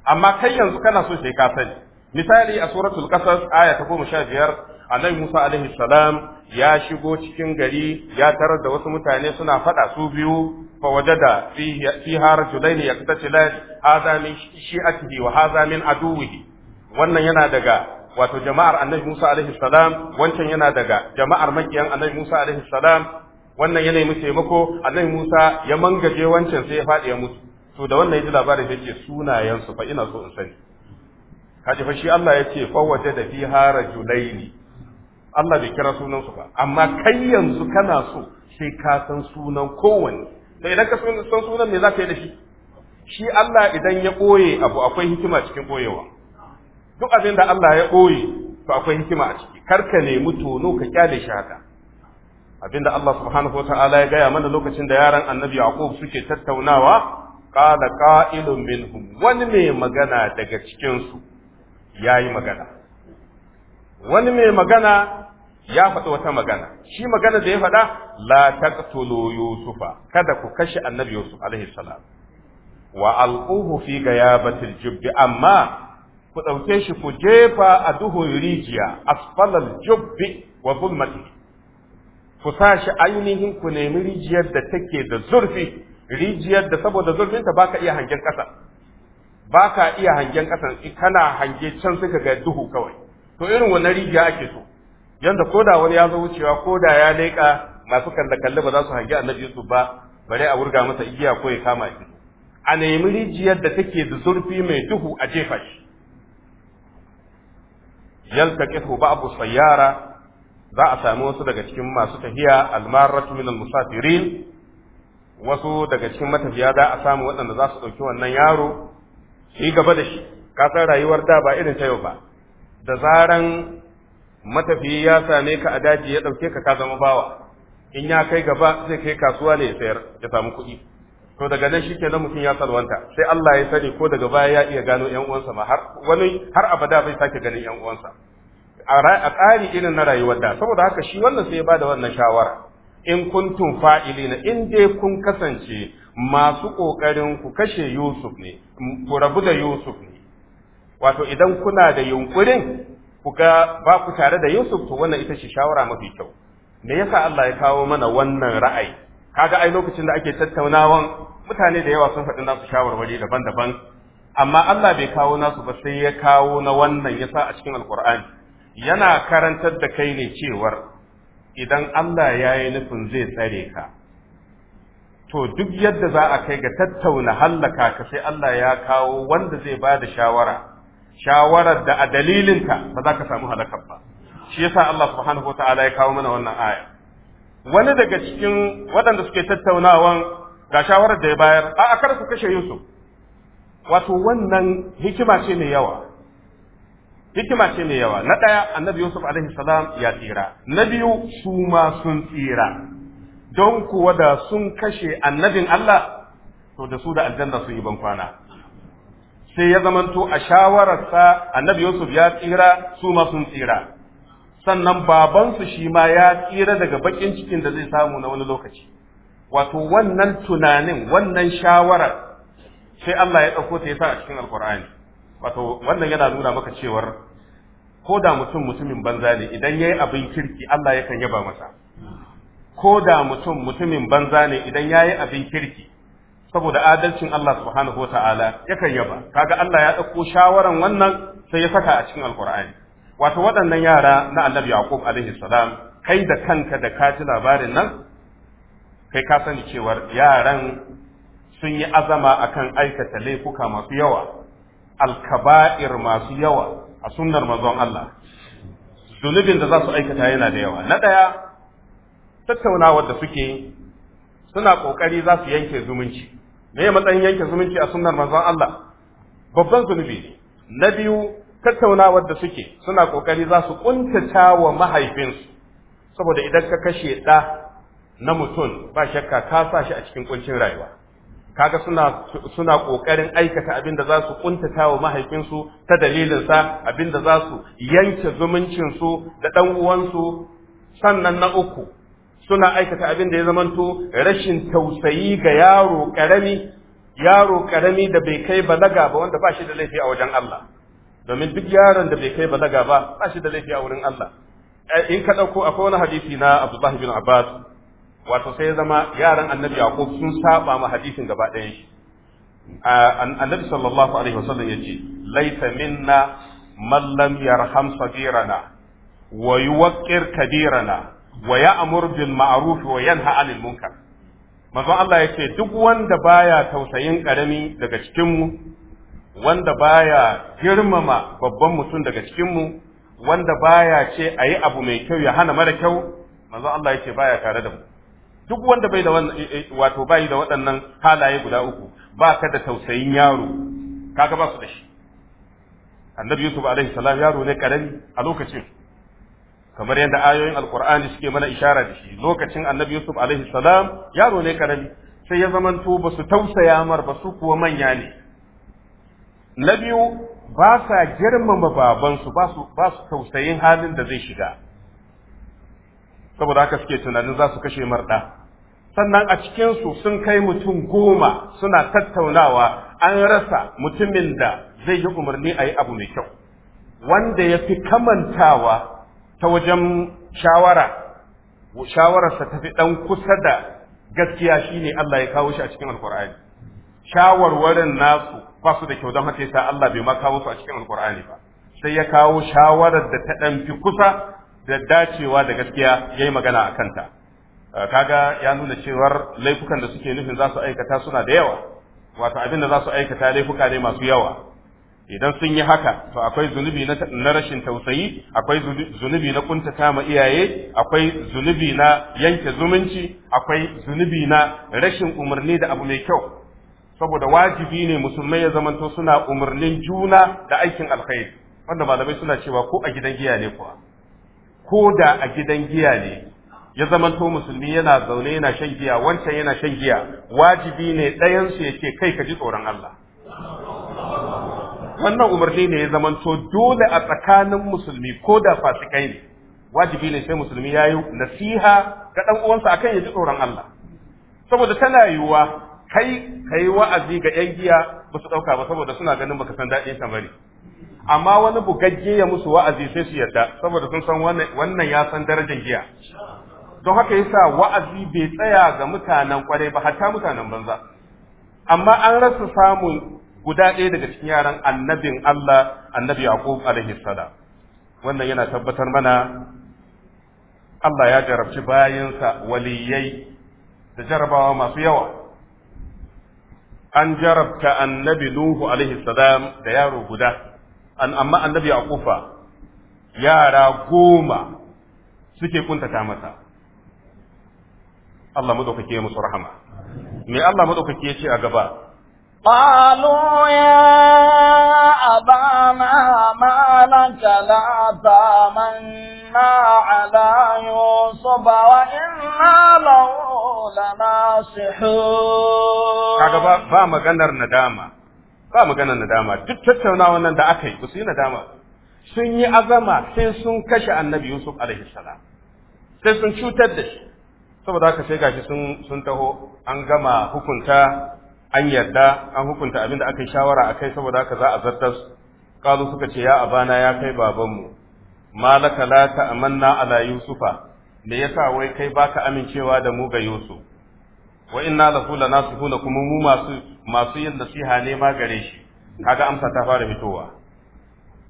amma kai yanzu kana so sai ka sani misali a suratul qasas aya ta 15 annabi Musa alaihi salam ya shigo cikin gari ya tarar da wasu mutane suna faɗa su biyu fa wajada fi har julaini yaqtatilan hadha min shi'atihi wa hadha min aduwihi wannan yana daga wato jama'ar annabi Musa alaihi salam wancan yana daga jama'ar makiyan annabi Musa alaihi salam wannan ya nemi taimako annabi Musa ya mangaje wancan sai ya faɗi ya mutu to da wannan yaji labarin sai ce sunayen su fa ina so in sani kaje fa shi Allah ya ce fawwata da fi harajulaini Allah bai kira sunan su ba amma kai yanzu kana so sai ka san sunan kowanne to idan ka san sunan me zaka yi da shi shi Allah idan ya ɓoye abu akwai hikima cikin ɓoyewa duk abin da Allah ya ɓoye to akwai hikima a ciki kar ka nemi tono ka kyale shi haka abinda Allah subhanahu ta'ala ya gaya mana lokacin da yaran annabi yaqub suke tattaunawa qala qa'ilun minhum wani mai magana daga cikin su yayi magana wani mai magana ya faɗi wata magana shi magana da ya faɗa la taqtulu yusufa kada ku kashe annabi yusuf alaihi salam wa al'uhu fi batil jubbi amma ku ɗauke shi ku jefa a duhun rijiya asfalal jubbi wa zulmatihi ku sa shi ainihin ku nemi rijiyar da take da zurfi rijiyar da saboda zurfinta baka iya hangen ƙasa baka iya hangen ƙasa kana hange can suka ga duhu kawai to irin wannan rijiya ake so yanda koda wani ya zo wucewa koda ya leƙa masu kalle-kalle ba za su hangi annabi su ba bare a wurga masa igiya ko ya kama shi a nemi rijiyar da take da zurfi mai duhu a jefa shi ba Abu sayyara za a sami wasu daga cikin masu tafiya almaratu min almusafirin wasu daga cikin matafiya za a samu waɗanda za su ɗauki wannan yaro su gaba da shi ka san rayuwar da ba irin ta yau ba da zaran matafiyi ya same ka a daji ya ɗauke ka ka zama bawa in ya kai gaba zai kai kasuwa ne ya sayar ya samu kuɗi to daga nan shike na mutum ya salwanta sai Allah ya sani ko daga baya ya iya gano ƴan uwansa ma har wani har abada bai sake ganin ƴan uwansa a tsari irin na rayuwar da saboda haka shi wannan sai ya bada wannan shawara in kuntum fa'ilina in dai kun kasance masu kokarin ku kashe Yusuf ne ku rabu da Yusuf ne wato idan kuna da yunkurin ku ga ba ku tare da Yusuf to wannan ita ce shawara mafi kyau me yasa Allah ya kawo mana wannan ra'ayi kaga ai lokacin da ake tattaunawan mutane da yawa sun faɗi nasu shawarwari daban-daban amma Allah bai kawo nasu ba sai ya kawo na wannan ya sa a cikin alkur'ani yana karantar da kai ne cewar idan Allah ya yi nufin zai tsare ka to duk yadda za a kai ga tattauna hallaka ka sai Allah ya kawo wanda zai ba da shawara shawarar da a dalilinka ba za ka samu halakar ba shi yasa Allah subhanahu ta'ala ya kawo mana wannan aya wani daga cikin waɗanda suke tattaunawan ga shawarar da ya bayar a kar ku kashe Yusuf wato wannan hikima ce mai yawa hikima ce mai yawa na ɗaya annabi yusuf alaihi salam ya tsira na biyu su ma sun tsira don kuwa da sun kashe annabin Allah to da su da aljanna sun yi ban kwana sai ya zamanto a shawararsa annabi yusuf ya tsira su ma sun tsira sannan babansu shi ma ya tsira daga bakin cikin da zai samu na wani lokaci wato wannan tunanin wannan shawarar sai Allah ya ɗauko ta ya sa a cikin alkur'ani wato wannan yana nuna maka cewar ko da mutum mutumin banza ne idan yayi abin kirki Allah ya yakan yaba masa ko da mutum mutumin banza ne idan yayi abin kirki saboda adalcin Allah subhanahu wataala yakan yaba kaga Allah ya ɗauko shawaran wannan sai ya saka a cikin alqur'ani wato waɗannan yara na annabi yaqub alaihi salam kai da kanka da ka ji labarin nan kai ka sani cewar yaran sun yi azama akan aikata laifuka masu yawa alkaba'ir masu yawa a sunnar mazan Allah zunubin da za su aikata yana da yawa na ɗaya tattaunawar da suke suna ƙoƙari za su yanke zumunci me ya matsayin yanke zumunci a sunnar mazan Allah babban zunubi na biyu tattaunawar da suke suna ƙoƙari za su ƙuntata wa mahaifinsu saboda idan ka kashe ɗa na mutum ba shakka ka sa shi a cikin ƙuncin rayuwa kaga suna suna kokarin aikata abin da za su kuntata wa mahaifinsu ta dalilin sa abin da za su yanke zumuncin su da dan uwansu sannan na uku suna aikata abin da ya zamanto rashin tausayi ga yaro karami yaro karami da bai kai balaga ba wanda ba shi da laifi a wajen Allah domin duk yaron da bai kai balaga ba ba shi da laifi a wurin Allah eh, in ka dauko akwai wani hadisi na Abdullah bin Abbas wato sai ya zama yaran annabi yaqub sun saba ma hadisin gaba ɗayan shi annabi sallallahu alaihi wasallam yace laita minna man lam yarham sabirana wa yuwaqqir kabirana wa ya'mur bil ma'ruf wa yanha 'anil munkar manzo Allah yace duk wanda baya tausayin karami daga cikin mu wanda baya girmama babban mutum daga cikin mu wanda baya ce ayi abu mai kyau ya hana mara kyau manzo Allah yace baya tare da mu duk wanda bai da eh, eh, wato bai da waɗannan halaye guda uku ba ka da tausayin yaro kaga ba su da shi annabi yusuf alaihi salam yaro ne karami a lokacin kamar yadda ayoyin alqur'ani suke mana ishara da shi lokacin annabi yusuf alaihi salam yaro ne karami sai ya zamanto ba su tausaya mar ba su kuwa manya ne na biyu ba sa girmama babansu ba su ba su tausayin halin da zai shiga saboda haka suke tunanin za su kashe marɗa sannan a cikinsu sun kai mutum goma suna tattaunawa an rasa mutumin da zai yi umarni a yi abu mai kyau wanda ya fi kamantawa ta wajen shawara shawararsa ta fi ɗan kusa da gaskiya shine Allah ya kawo shi a cikin alkur'ani shawarwarin nasu ba su da kyau don haka yasa Allah bai ma kawo su a cikin alkur'ani ba sai ya kawo shawarar da ta ɗan fi kusa da dacewa da gaskiya ya yi magana a kanta Eh, kaga ya nuna cewar laifukan da suke nufin za su aikata suna da yawa wato abin da za su aikata laifuka ne masu yawa idan sun yi haka to akwai zunubi na rashin tausayi akwai zunubi na kuntata ma iyaye akwai zunubi na yanke zumunci akwai zunubi na rashin umarni da abu mai kyau saboda wajibi ne musulmai ya zamanto suna umarnin juna da aikin alkhairi wanda malamai suna cewa ko a gidan giya ne kuwa ko da a gidan giya ne ya zamanto musulmi yana zaune yana shan giya wancan yana shan giya wajibi ne ɗayansu ya ce kai ka ji tsoron Allah wannan umarni ne ya zamanto dole a tsakanin musulmi ko da fasikai ne wajibi ne sai musulmi ya yi nasiha ga ɗan uwansa akan ya ji tsoron Allah saboda tana yiwuwa kai kai wa'azi ga yan giya ba su ɗauka ba saboda suna ganin baka san daɗin bari. amma wani bugagge ya musu wa'azi sai su yarda saboda sun san wannan ya san darajar giya don haka yasa wa'azi bai tsaya ga mutanen kwarai ba hatta mutanen banza amma an rasa samun guda ɗaya daga cikin yaran annabin Allah annabi Yaqub alaihi salam wannan yana tabbatar mana Allah ya jarabci bayansa waliyai da jarabawa masu yawa an jarabta annabi Nuhu alaihi salam da yaro guda an amma annabi Yaqufa yara goma suke kuntata masa Allah madaukake ya musu rahama me Allah madaukake ya ce a gaba قالوا يا أبانا ba ba maganar nadama ba maganar nadama duk tattaunawa nan da aka yi ba su yi nadama sun yi azama sai sun kashe annabi Yusuf alaihi salam sai sun cutar da shi saboda haka sai gashi sun sun taho an gama hukunta an yarda an hukunta abinda aka yi shawara akai saboda haka za a zartar kalu suka ce ya abana ya kai babanmu malaka la ta'amanna ala yusufa me yasa wai kai baka amincewa da mu ga yusuf wa inna lahu lanasihuna kuma mu masu masu yin nasiha ne ma gare shi kaga amsa ta fara fitowa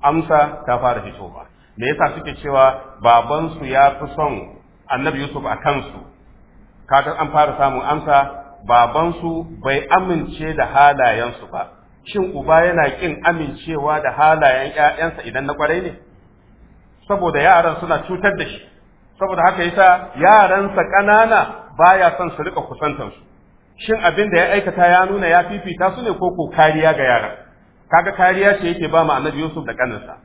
amsa ta fara fitowa me yasa suke cewa babansu ya fi son annabi yusuf a kansu kaga an fara samun amsa babansu bai amince da halayensu ba shin uba yana kin amincewa da halayen ƴaƴansa idan na kwarai ne saboda yaran suna cutar da shi saboda haka yasa yaransa ƙanana baya son su rika kusantansu shin abin da ya aikata ya nuna ya fifita su ne ko ko kariya ga yaran kaga kariya ce yake ba ma annabi Yusuf da kaninsa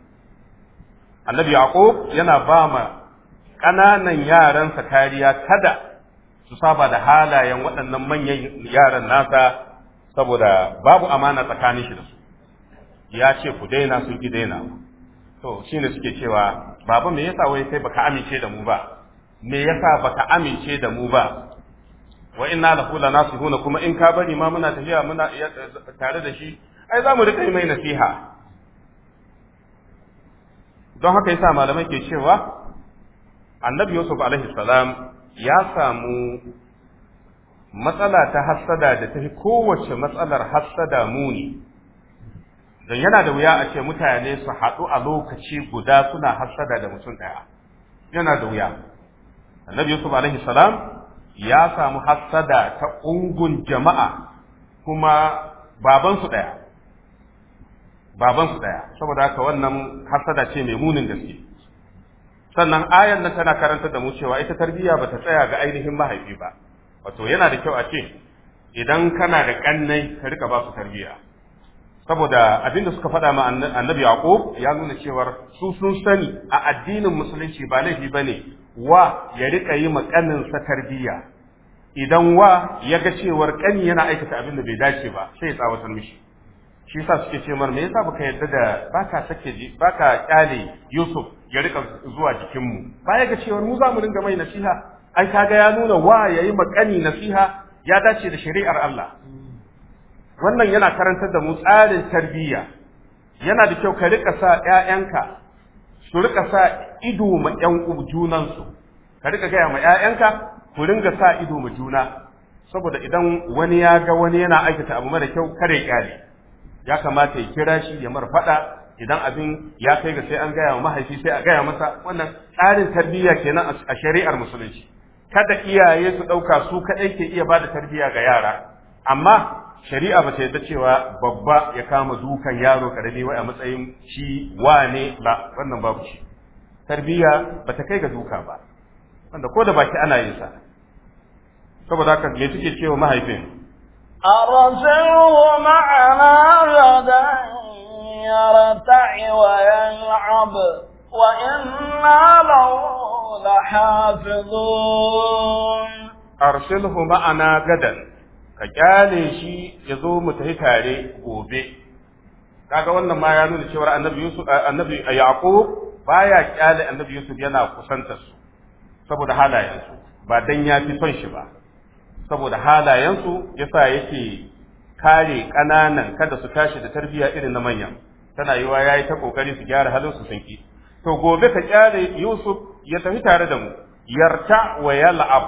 annabi Yaqub yana ba ma ƙananan yaransa kariya kada su saba da halayen waɗannan manyan yaran nasa saboda babu amana tsakanin shi da su ya ce ku daina sun ki daina to ne suke cewa baba me yasa wai kai baka amince da mu ba me yasa baka amince da mu ba wa inna lahu lanasihuna kuma in ka bari ma muna tafiya muna tare da shi ai za mu rika yi mai nasiha don haka yasa malamai ke cewa annabi yusuf alaihi salam ya samu matsala ta hassada da ta fi kowace matsalar hassada muni don yana da wuya a ce mutane su haɗu a lokaci guda suna hassada da mutum ɗaya yana da wuya annabi yusuf alaihi salam ya samu hassada ta ungun jama'a kuma babansu ɗaya babansu ɗaya saboda haka wannan hassada ce mai munin gaske sannan ayan nan tana karantar da mu cewa ita tarbiyya bata tsaya ga ainihin mahaifi ba wato yana da kyau a ce idan kana da kannai ka rika ba su tarbiyya saboda abinda suka faɗa ma annabi yaqub ya nuna cewa su sun sani a addinin musulunci ba laifi bane wa ya rika yi makanin sa tarbiyya idan wa ya ga cewa kani yana aikata abin da bai dace ba sai ya tsawatar mishi shi yasa suke ce mar me yasa baka yadda da baka sake baka kyale yusuf ya rika zuwa jikinmu baya ga cewar mu za mu dinga mai nasiha ai kaga ya nuna wa yayi makani nasiha ya dace da shari'ar Allah wannan yana karantar da mu tsarin tarbiyya yana da kyau ka rika sa ƴaƴanka su rika sa ido ma ƴan junansu ka rika gaya ma ƴaƴanka ku ringa sa ido ma juna saboda idan wani ya ga wani yana aikata abu mara kyau kare kyale ya kamata ya kira shi ya mar faɗa idan abin ya kai ga sai an gaya wa mahaifi sai a gaya masa wannan tsarin tarbiyya kenan a shari'ar musulunci kada iyaye su ɗauka su kaɗai ke iya bada tarbiyya ga yara amma shari'a ba ta yadda cewa babba ya kama dukan yaro karami wai a matsayin shi wane ba wannan babu shi tarbiyya ba ta kai ga duka ba wanda ko da baki ana yin sa saboda haka me suke cewa mahaifin arzu ma'ana yadan يرتع ويلعب وإنا له لحافظون أرسله معنا غدا كجالي شي يزوم تهتاري gobe. kaga wannan ma ya nuna cewar annabi Yusuf annabi Yaqub baya kyale annabi Yusuf yana kusantar su saboda halayensu ba dan ya fi son shi ba saboda halayensu yasa yake kare ƙananan kada su tashi da tarbiyya irin na manyan tana yiwa yi ta ƙoƙari su gyara halin su sanki to gobe ka kyale Yusuf ya tafi tare da mu yarta wa yal'ab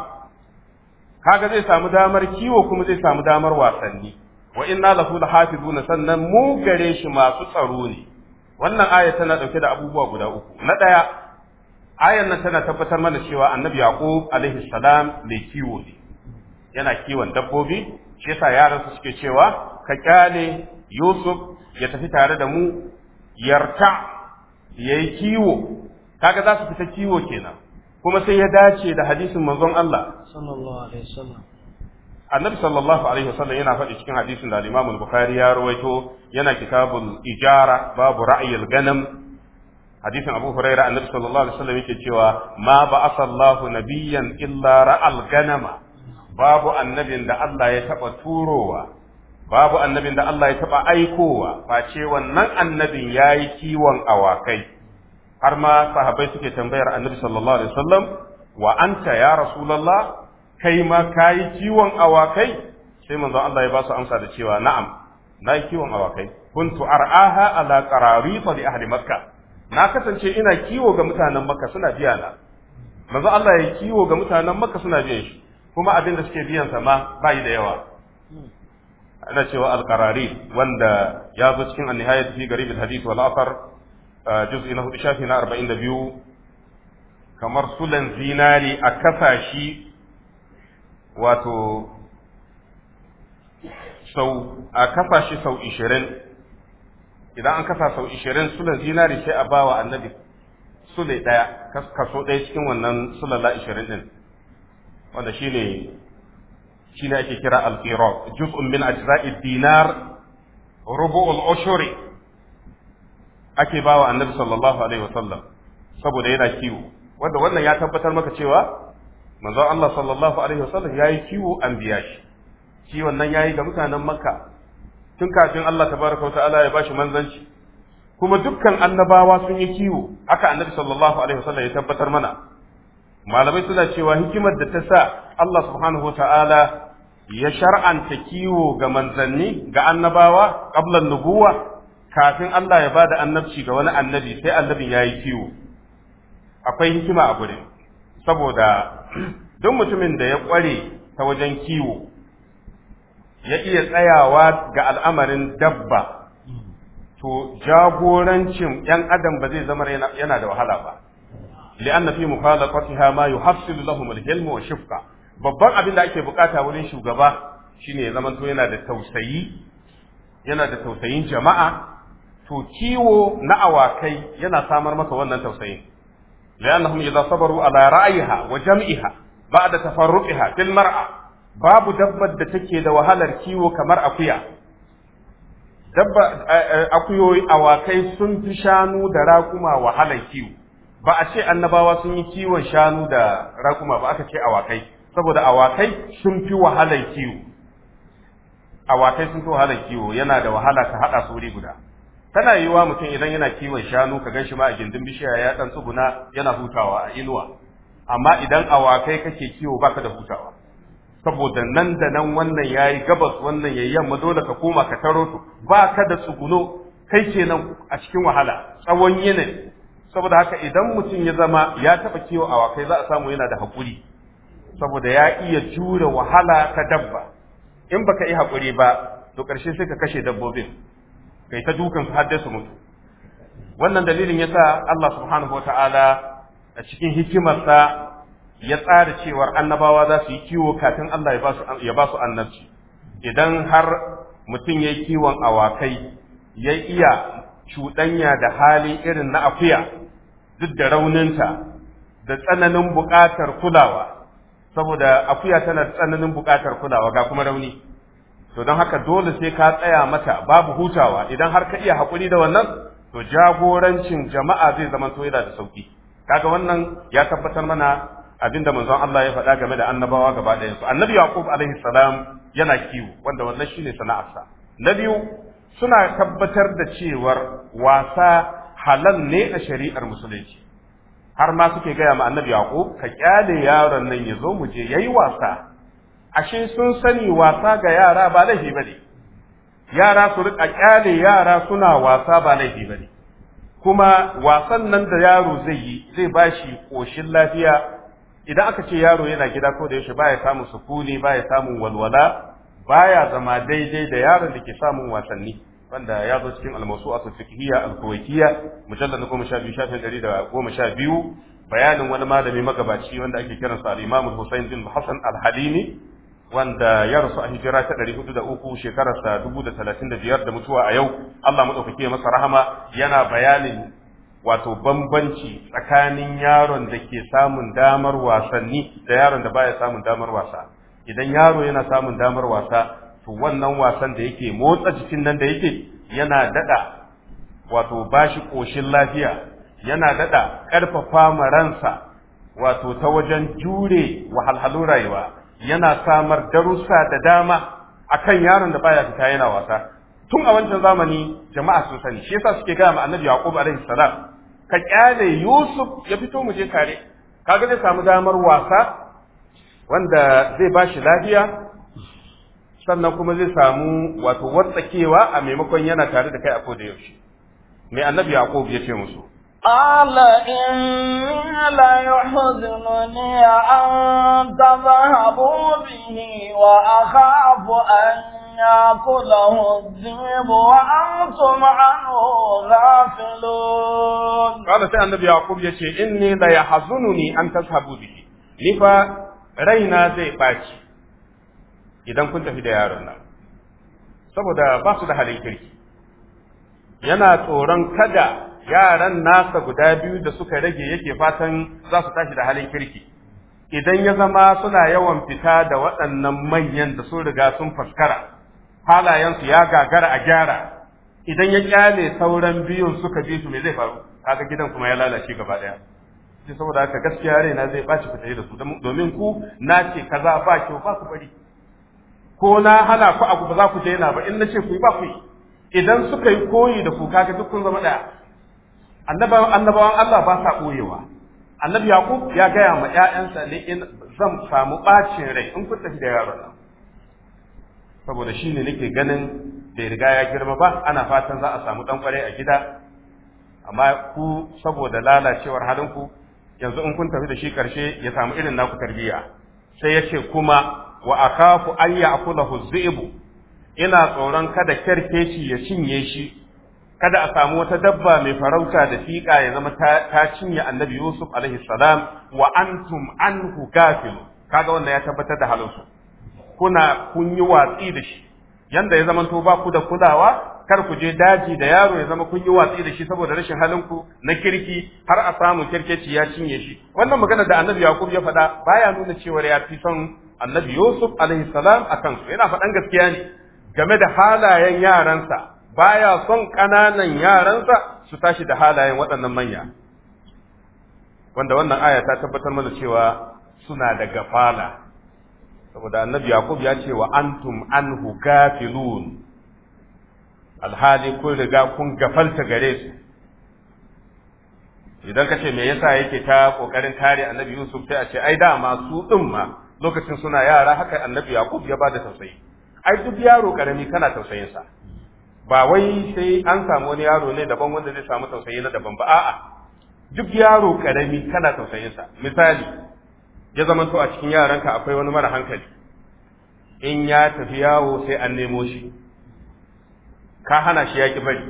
kaga zai samu damar kiwo kuma zai samu damar wasanni wa inna lahu lahafizuna sannan mu gare shi masu tsaro ne wannan aya tana dauke da abubuwa guda uku na ɗaya ayan nan tana tabbatar mana cewa annabi yaqub alaihi salam mai kiwo ne yana kiwon dabbobi shi yasa yaran su suke cewa ka kyale Yusuf ya tafi tare da mu yarta yayi kiwo kaga za su fita kiwo kenan kuma sai ya dace da hadisin manzon Allah sallallahu alaihi wasallam annabi sallallahu alaihi wasallam yana faɗi cikin hadisin da al-Imam al-Bukhari ya rawaito yana kitabul ijara babu ra'yil ganam hadisin Abu Huraira annabi sallallahu alaihi wasallam yake cewa ma ba'atha Allahu nabiyyan illa ra'al ganama babu annabin da Allah ya taba turowa babu annabin da Allah ya taba aikowa ce wannan annabin yayi kiwon awakai har ma sahabbai suke tambayar annabi sallallahu alaihi wasallam wa anta ya rasulullah kai ma yi kiwon awakai sai manzon Allah ya ba su amsa da cewa na'am na yi kiwon awakai kuntu ar'aha ala qararita li ahli makka na kasance ina kiwo ga mutanen makka suna biya na manzon Allah ya kiwo ga mutanen makka suna biyan shi kuma abin da suke biyan sa ma bai da yawa ana cewa alqarari wanda ya zo cikin annihayat fi garib alhadith wal athar juz'i na hudu shafi na arba'in da biyu. kamar sulan zinari a kasa shi wato sau a kafa sau 20 idan an kasa sau ishirin sulan zinari sai a ba wa annabi sule daya kaso ɗaya cikin wannan sulala ishirin ɗin wanda shine shi ne ake kira al-qirab juz'un min ajza'i dinar rubu'ul ushuri ake bawa annabi sallallahu alaihi wa sallam saboda yana kiwo wanda wannan ya tabbatar maka cewa manzo Allah sallallahu alaihi wa wasallam yayi kiwo an biya shi kiwon nan yayi ga mutanen makka tun kafin Allah tabaraka ta'ala ya bashi manzanci kuma dukkan annabawa sun yi kiwo haka annabi sallallahu alaihi wa sallam ya tabbatar mana malamai suna cewa hikimar da ta sa Allah subhanahu ta'ala ya shar'anta kiwo ga manzanni ga annabawa ƙablan nubuwa kafin Allah ya bada annabci ga wani annabi sai annabin yi kiwo akwai hikima a gurin saboda <clears throat> duk mutumin da ya ƙware ta wajen kiwo ya iya tsayawa ga al'amarin dabba to jagorancin ‘yan adam ba zai zama yana da wahala ba li'anna fi mukhalaqatiha ma yuhassilu lahum al-hilmu wa shifqa babban abin da ake bukata wurin shugaba shine ya zamanto yana da tausayi yana da tausayin jama'a to kiwo na awakai yana samar maka wannan tausayin li'annahum idza sabaru ala ra'iha wa jam'iha ba'da tafarruqiha fil mar'a babu dabbar da take da wahalar kiwo kamar akuya dabba eh, eh, akuyoyi awakai sun fi shanu da raƙuma wahalar kiwo ba a ce annabawa sun yi kiwon shanu da raƙuma ba aka ce awakai saboda awakai sun fi wahalar kiwo awakai sun fi wahalar kiwo yana da wahala ka haɗa su wuri guda tana yiwuwa mutum idan yana kiwon shanu ka gan shi ma a gindin bishiya ya ɗan tsuguna yana hutawa a inuwa amma idan awakai kake kiwo baka da hutawa saboda nan da nan wannan yayi gabas wannan yayi yamma dole ka koma ka taro su baka da tsuguno kai kenan a cikin wahala tsawon yinin saboda haka idan mutum ya zama ya taɓa kiwo awakai za a samu yana da hakuri saboda ya iya jure wahala ta dabba in baka yi haƙuri ba to ƙarshe sai ka kashe dabbobin kai ta dukan su har su mutu wannan dalilin yasa Allah subhanahu wataala a cikin hikimarsa ya tsara cewar annabawa za su yi kiwo kafin Allah ya ba su annabci idan har mutum ya yi kiwon awakai ya iya cuɗanya da hali irin na akuya duk da rauninta da tsananin buƙatar kulawa saboda akuya tana tsananin buƙatar kulawa ga kuma rauni to don haka dole sai ka tsaya mata babu hutawa idan har ka iya haƙuri da wannan to jagorancin jama'a zai zama to yana da sauki kaga wannan ya tabbatar mana abinda manzon Allah ya faɗa game da annabawa gaba da su annabi yaqub alaihi salam yana kiwo wanda wannan shine sana'arsa na biyu suna tabbatar da cewar wasa halal ne a shari'ar musulunci har ma suke gaya ma annabi yaqub ka kyale yaron nan yazo zo mu je yayi wasa ashe sun sani wasa ga yara ba laifi bane yara su rika kyale yara suna wasa ba laifi bane kuma wasan nan da yaro zai yi zai bashi koshin lafiya idan aka ce yaro yana gida ko da yaushe baya samun sukuni baya samun walwala baya zama daidai da yaron da ke samun wasanni wanda ya zo cikin almasu a al-kuwaitiyya mujallar na goma sha biyu shafin ɗari da goma sha biyu bayanin wani malami magabaci wanda ake kiran al-imam al bin Hassan al-halimi wanda ya rasu a hijira ta ɗari hudu da uku sa dubu da talatin da biyar da mutuwa a yau Allah ya masa rahama yana bayanin wato bambanci tsakanin yaron da ke samun damar wasanni da yaron da baya samun damar wasa idan yaro yana samun damar wasa to wannan wasan da yake motsa jikin nan da yake yana daɗa wato bashi ƙoshin lafiya yana daɗa ƙarfafa maransa wato ta wajen jure wahalhalun rayuwa yana samar darussa da dama akan yaron da baya fita yana wasa tun a wancan zamani jama'a sun sani shi yasa suke gaya ma annabi yaqub alaihi salam ka kyale yusuf ya fito mu je tare kaga zai samu damar wasa wanda zai ba shi lafiya sannan kuma zai samu wato wattakewa a maimakon yana tare da kai a koda yaushe mai annabi yaqub ya musu Ala inni la yuhzinuni an tadhhabu bihi wa annabi yaqub ya ce inni la yahzununi an tadhhabu bihi lifa raina zai ɓaci. idan kun tafi da yaron nan saboda ba su da halin kirki yana tsoron kada yaran nasa guda biyu da suka rage yake fatan za su tashi da halin kirki idan ya zama suna yawan fita da waɗannan manyan da sun riga sun faskara halayensu ya gagara a gyara idan ya kyale sauran biyun suka bi su me zai faru kaga gidan kuma ya lalace gaba daya sai saboda haka gaskiya raina zai baci fita da su domin ku na ce kaza ba kyau ba ku bari ko na hana ku abu ba za ku daina ba in nace ku yi ba ku idan suka yi koyi da ku kaga duk kun zama daya annabawan annabawan Allah ba sa koyewa annabi yaqub ya gaya ma ƴaƴansa ne in zan samu bacin rai in kun tafi da yaron nan saboda shine nake ganin bai riga ya girma ba ana fatan za a samu dan kwarai a gida amma ku saboda lalacewar halinku yanzu in kun tafi da shi karshe ya samu irin naku tarbiya sai yace kuma wa akafu an ya'kulahu dhi'bu ina tsoron kada kerkeci ya cinye shi kada a samu wata dabba mai farauta da fiƙa ya zama ta cinye annabi Yusuf alaihi salam wa antum anhu gafilu kaga wannan ya tabbatar da halinsu kuna kun yi watsi da shi yanda ya zamanto ba ku da kulawa kar ku je daji da yaro ya zama kun yi watsi da shi saboda rashin halinku na kirki har a samu kerkeci ya cinye shi wannan magana da annabi Yaqub ya faɗa baya nuna cewa ya fi son annabi yusuf alaihi salam a kansu yana faɗan gaskiya ne game da halayen yaransa baya son ƙananan yaransa su tashi da halayen waɗannan manya wanda wannan aya ta tabbatar mana cewa suna da gafala saboda annabi yaqub ya ce wa antum anhu gafilun alhali kun riga kun gafalta gare su idan ka ce me yasa yake ta kokarin kare annabi yusuf sai a ce ai da masu din lokacin suna yara haka annabi yaqub ya bada tausayi ai duk yaro karami kana tausayin sa ba wai sai an samu wani yaro ne daban wanda zai samu tausayi na daban ba a'a duk yaro karami kana tausayin sa misali ya zamanto a cikin yaranka akwai wani mara hankali in ya tafi yawo sai an nemo shi ka hana shi ya ki bari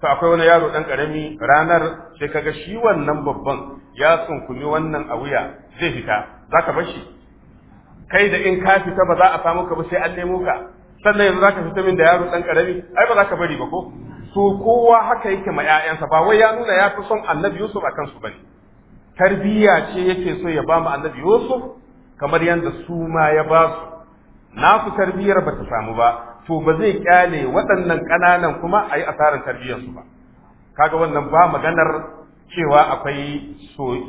to akwai wani yaro dan karami ranar sai kaga shi wannan babban ya tsunkumi wannan a wuya zai fita zaka bar shi kai da in ka fita ba za a samu ka ba sai an nemo ka sannan yanzu zaka fita min da yaro dan karami ai ba za ka bari ba ko to kowa haka yake ma 'ya'yansa ba wai ya nuna ya fi son Annabi Yusuf akan su bane tarbiyya ce yake so ya ba mu Annabi Yusuf kamar yanda su ma ya ba su ku tarbiyyar ba ta samu ba to ba zai kyale waɗannan ƙananan kuma a yi asarar tarbiyyarsu ba kaga wannan ba maganar cewa akwai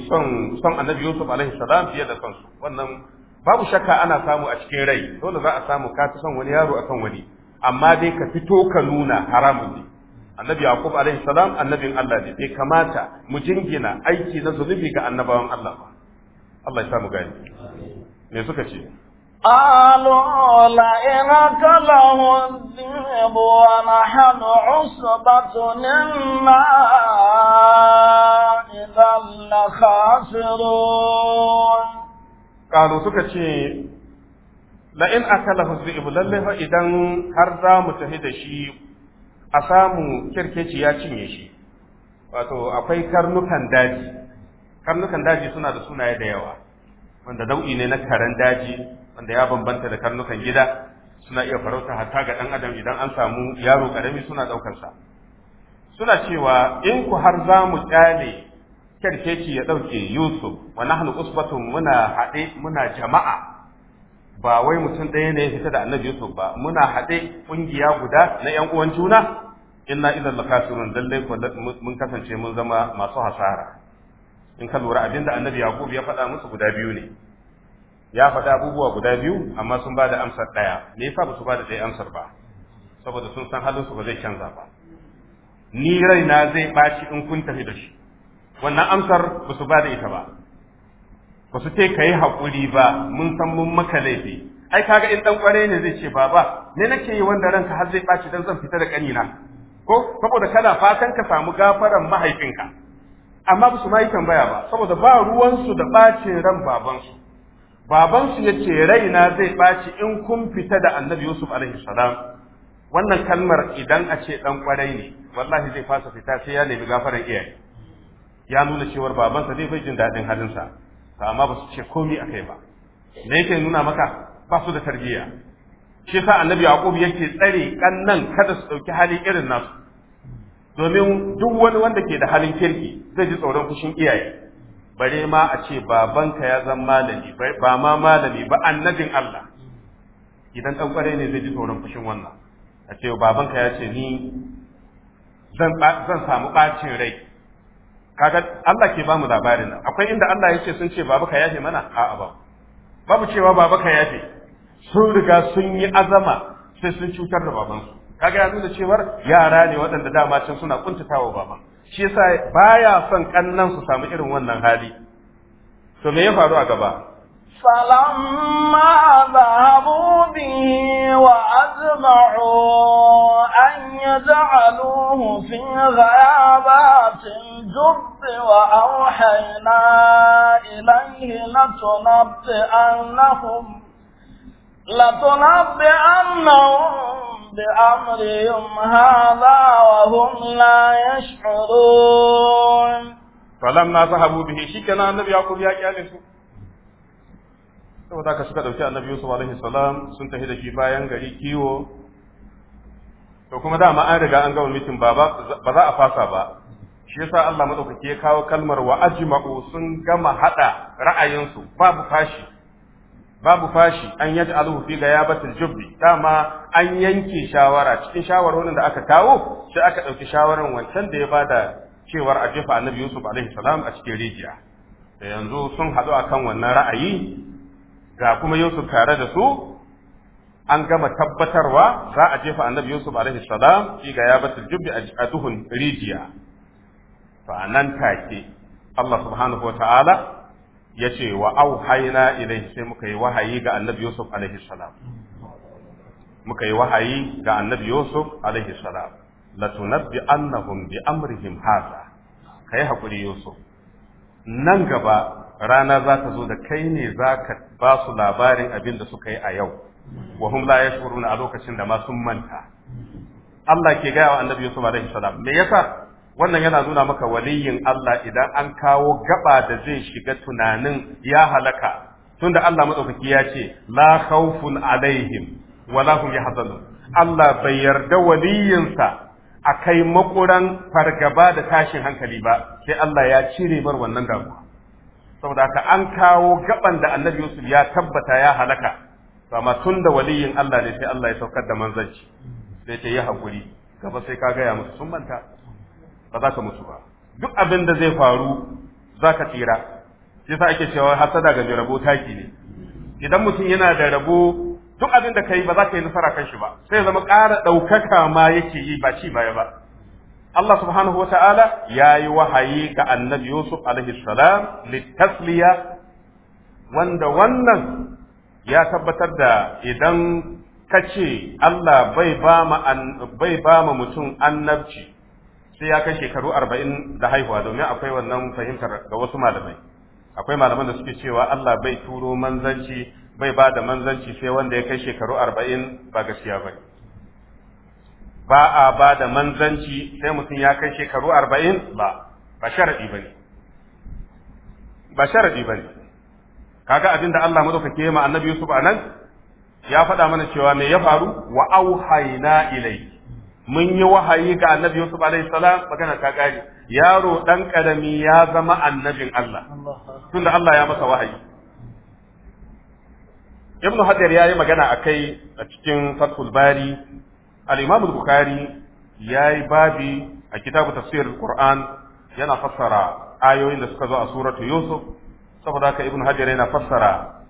son annabi yusuf alaihi salam fiye da son wannan babu shakka ana samu a cikin rai dole za a samu ka san wani yaro akan wani amma dai ka fito ka nuna haramun ne annabi yaqub alaihi salam annabin Allah ne bai kamata mu jingina aiki na zunubi ga annabawan Allah ba Allah ya samu gani me suka ce قالوا لئن أكله الذئب ونحن عصبة إنا إذا لخاسرون kalu suka ce la'in akalahu zi'ib lalle fa idan har za mu tafi da shi a samu kirkeci ya cinye shi wato akwai karnukan daji karnukan daji suna da sunaye da yawa wanda nau'i ne na karen daji wanda ya bambanta da karnukan gida suna iya farauta hatta ga ɗan adam idan an samu yaro karami suna daukar suna cewa in ku har za mu kyarkeci ya ɗauke Yusuf wa nahnu usbatun muna haɗe muna jama'a ba wai mutum ɗaya ne ya fita da annabi Yusuf ba muna haɗe ƙungiya guda na ƴan uwan juna inna idan lakasirun lallai mun kasance mun zama masu hasara in ka lura abinda annabi Yaqub ya faɗa musu guda biyu ne ya faɗa abubuwa guda biyu amma sun ba da amsar ɗaya me yasa ba su ba da ɗaya amsar ba saboda sun san halin su ba zai canza ba ni raina zai ɓaci in kun tafi da shi wannan amsar ba su ba da ita ba ba su ce ka yi haƙuri ba mun san mun maka laifi ai kaga in ɗan kware ne zai ce baba ne nake yi wanda ranka har zai ɓaci dan zan fita da ƙanina? ko saboda kana fatan ka samu gafaran mahaifinka amma ba su ma yi tambaya ba saboda ba ruwansu da ɓacin ran babansu babansu ya ce raina zai ɓaci in kun fita da annabi yusuf alaihi salam wannan kalmar idan a ce dan kwarai ne wallahi zai fasa fita sai ya nemi gafaran iyaye ya nuna cewar babansa zai bai jin daɗin halinsa amma ba su ce komi a kai ba me yake nuna maka ba su da tarbiyya shi sa annabi yaqub yake tsare kannan kada su ɗauki hali irin nasu domin duk wani wanda ke da halin kirki zai ji tsoron fushin iyaye bare ma a ce babanka ya zan malami ba ma malami ba annabin Allah idan dan kware ne zai ji tsoron fushin wannan a ce babanka ya ce ni zan samu ɓacin rai kaga Allah ke bamu labarin nan akwai inda Allah ya sun ce babu ka yafe mana a'a ba babu cewa babu ka yafe sun riga sun yi azama sai sun cutar da babansu kaga ya nuna cewar yara ne waɗanda dama can suna kuntatawa baba shi yasa baya son kannan su samu irin wannan hali to me ya faru a gaba فلما ذهبوا به وأجمعوا أن يجعلوه في غيابات الجب وأوحينا إليه لتنبئنهم لتنبئنهم بأمرهم هذا وهم لا يشعرون فلما ذهبوا به شكنا النبي يقول يا كالسو saboda ka suka dauki annabi yusuf alaihi salam sun tafi da shi bayan gari kiwo to kuma dama an riga an gama mitin ba ba za a fasa ba shi yasa Allah madaukake ya kawo kalmar wa ajma'u sun gama hada ra'ayinsu babu fashi babu fashi an yaji yaj'aluhu fi yabatul jubbi dama an yanke shawara cikin shawarorin da aka kawo sai aka ɗauki shawaran wancan da ya bada cewar a jefa annabi Yusuf alaihi salam a cikin rijiya da yanzu sun hadu akan wannan ra'ayi ga kuma Yusuf tare da su an gama tabbatarwa za a jefa annabi Yusuf alaihi salam shi ga ya batul jubbi a duhun rijiya fa nan take Allah subhanahu wataala ya ce wa auhayna ilaihi sai muka yi wahayi ga annabi Yusuf alaihi salam muka yi wahayi ga annabi Yusuf alaihi salam latunabbi annahum bi amrihim hadha kai hakuri Yusuf nan gaba rana za ta zo da kai ne za ka ba su labarin abin da suka yi a yau wa hum la yashkuruna a lokacin da masu manta Allah ke gaya wa annabi Yusuf alaihi salam me yasa wannan yana nuna maka waliyin Allah idan an kawo gaba da zai shiga tunanin ya halaka tunda Allah madaukaki ya ce la khawfun alaihim wala hum yahzanun Allah bai yarda waliyinsa a kai makuran fargaba da tashin hankali ba sai Allah ya cire bar wannan damuwa saboda haka an kawo gaban da annabi Yusuf ya tabbata ya halaka amma tun da waliyin Allah ne sai Allah ya saukar da manzanci sai ta yi hakuri gaba sai ka gaya musu sun manta ba za ka mutu ba duk abin da zai faru za ka tsira sai ake cewa hasada ga rabo taki ne idan mutum yana da rabo duk abin da kai ba za ka yi nasara kan shi ba sai zama ƙara ɗaukaka ma yake yi ba ci baya ba Allah subhanahu wata'ala ya yi wahayi ga annabi Yusuf alaihi salam litasliya wanda wannan ya tabbatar da idan ka ce Allah bai ba ma bai ba ma mutum annabci sai ya kai shekaru arba'in da haihuwa domin akwai wannan fahimtar ga wasu malamai akwai malaman da suke cewa Allah bai turo manzanci bai ba da manzanci sai wanda ya kai shekaru arba'in ba gaskiya ba ba a ba da manzanci sai mutum ya kai shekaru arba'in ba ba sharaɗi ba ne ba sharaɗi ba ne kaga abin da Allah madaukake ya ma annabi Yusuf a nan ya faɗa mana cewa me ya faru wa auhayna ilai mun yi wahayi ga annabi Yusuf alaihi salam magana ta kare yaro dan karami ya zama annabin Allah tunda Allah ya masa wahayi ibnu hajar yi magana a kai a cikin fathul bari al-imam al-bukhari yayi babi a kitabu tafsir al-qur'an yana fassara ayoyin da suka zo a suratu yusuf saboda haka ibnu hajar yana fassara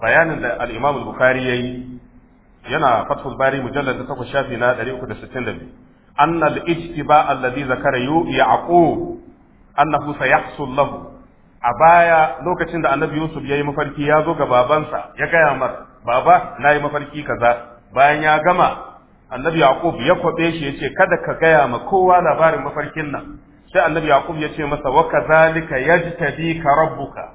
bayanin da al-imam al-bukhari yayi yana fathul bari mujallad 8 shafi na 362 anna ijtiba alladhi zakara yaqub annahu sayahsul lahu a baya lokacin da annabi Yusuf ya yi mafarki ya zo ga babansa ya gaya mar baba na yi mafarki kaza bayan ya gama annabi Yaqub ya kwabe shi ya ce kada ka gaya ma kowa labarin mafarkin nan sai annabi Yaqub ya ce masa wa kazalika ka rabbuka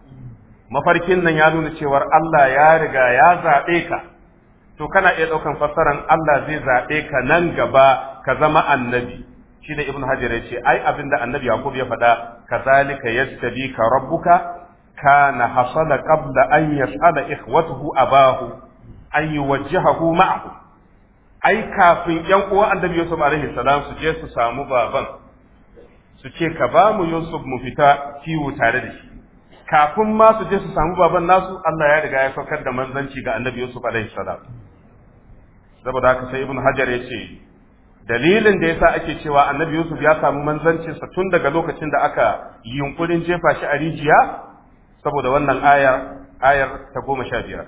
mafarkin nan ya nuna cewar Allah ya riga ya zaɓe ka to kana iya ɗaukan fassaran Allah zai zaɓe ka nan gaba ka zama annabi shi da ibn hajar ya ce ai abin da annabi yakub ya faɗa kazalika ka rabbuka kana hasala qabla an yas'ala ikhwatuhu abahu an yuwajjahu ma'ahu ai kafin yan uwa annabi yusuf alaihi salam su je su samu baban su ce ka ba mu yusuf mu fita kiwo tare da shi kafin ma su je su samu baban nasu Allah ya riga ya saukar da manzanci ga annabi yusuf alaihi salam saboda haka sai ibn hajar ya ce dalilin da yasa ake cewa annabi yusuf ya samu manzancinsa tun daga lokacin da aka yunkurin jefa shi a rijiya saboda wannan ayar ayar ta goma sha biyar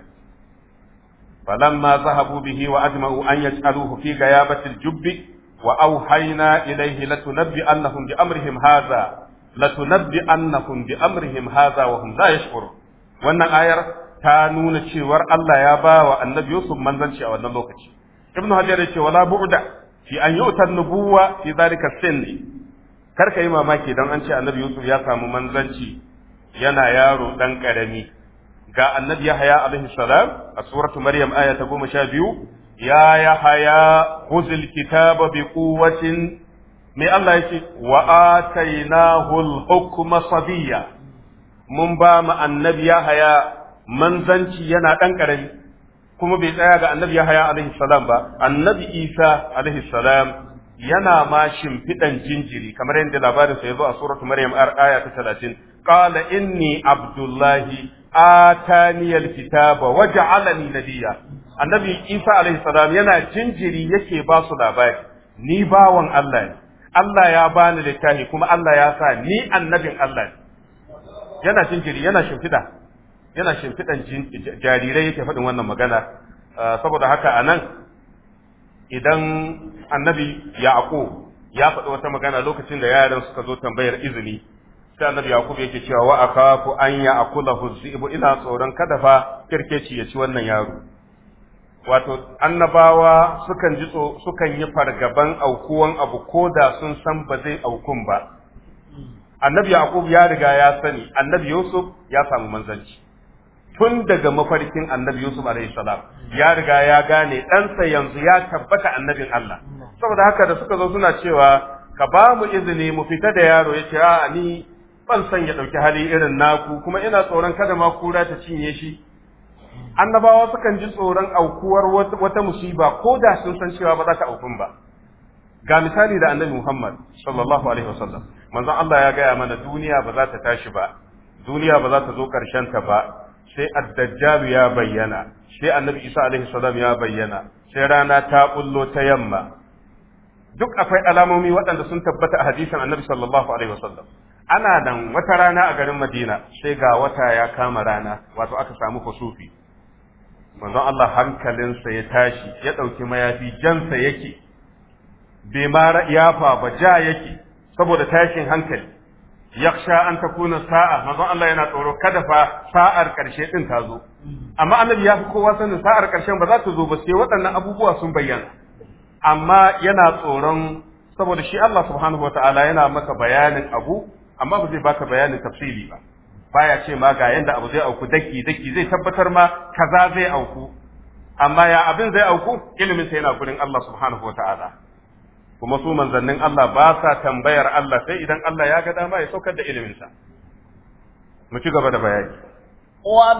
فلما ذهبوا به وأجمعوا أن يجعلوه في غيابة الجب وأوحينا إليه لتنبئنهم بأمرهم هذا لتنبئنهم بأمرهم هذا وهم لا يشعرون wannan ayar ta nuna cewar Allah ya ba wa annabi Yusuf manzanci a wannan lokaci ibnu Hajar ya ce wala bu'da fi an yi wutar nubuwa fi zalika sinni kar ka yi mamaki dan an ce annabi Yusuf ya samu manzanci yana yaro dan karami ga annabi Yahaya alaihi salam a suratu Maryam aya ta biyu, ya Yahaya khuzil kitaba bi quwwatin me Allah yake wa atainahu al-hukma sabiya mun ba mu annabi Yahaya manzanci yana dan karami kuma bai tsaya ga annabi Yahaya alaihi salam ba annabi Isa alaihi salam yana ma shimfiɗan jinjiri kamar yadda labarin sa yazo a suratu Maryam aya ta 30 qala inni abdullahi atani alkitaba wa ja'alani nabiyya annabi Isa alaihi salam yana jinjiri yake ba su labari ni bawan Allah ne Allah ya bani littafi kuma Allah ya sa ni annabin Allah ne yana jinjiri yana shimfiɗa yana shimfiɗan jarirai yake faɗin wannan magana ah, saboda haka a nan idan annabi yaƙo ya faɗi wata magana lokacin da yaran suka zo tambayar izini sai annabi yaƙub yake cewa wa akafu an ya'kulahu dhi'bu ina tsoron kada fa kirkeci ya ci wannan yaro wato annabawa sukan ji sukan yi fargaban aukuwan abu ko da sun san ba zai aukun ba annabi yaqub ya riga ya sani annabi yusuf ya samu manzanci tun daga mafarkin annabi Yusuf alaihi salam ya riga ya gane ɗansa yanzu ya tabbata annabin Allah saboda haka da suka zo suna cewa ka ba mu izini mu fita da yaro ya ce a ni ban san ya ɗauki hali irin naku kuma ina tsoron kada ma kura ta cinye shi annabawa sukan ji tsoron aukuwar wata musiba ko da sun san cewa ba za ta aukun ba ga misali da annabi Muhammad sallallahu alaihi wasallam manzon Allah ya gaya mana duniya ba za ta tashi ba duniya ba za ta zo ƙarshen ta ba sai addajjalu ya bayyana sai annabi isa alaihi salam ya bayyana sai rana ta bullo ta yamma duk akwai alamomi waɗanda sun tabbata a hadisin annabi sallallahu alaihi wasallam ana nan wata rana a garin madina sai ga wata ya kama rana wato aka samu kusufi manzon Allah hankalinsa ya tashi ya ɗauki mayafi jansa yake bai ma fa ba ja yake saboda tashin hankali yaksha an takuna sa'a manzon Allah yana tsoro kada fa sa'ar karshe din ta zo amma annabi ya fi kowa sanin sa'ar karshen ba za ta zo ba sai waɗannan abubuwa sun bayyana amma yana tsoron saboda shi Allah subhanahu wataala yana maka bayanin abu amma ba zai baka bayanin tafsili ba baya ce ma ga yanda abu zai auku daki daki zai tabbatar ma kaza zai auku amma ya abin zai auku ilimin sa yana gurin Allah subhanahu wataala kuma su manzannin Allah ba sa tambayar Allah sai idan Allah ya ga dama ya saukar da iliminsa mu ci gaba da bayani وجاءوا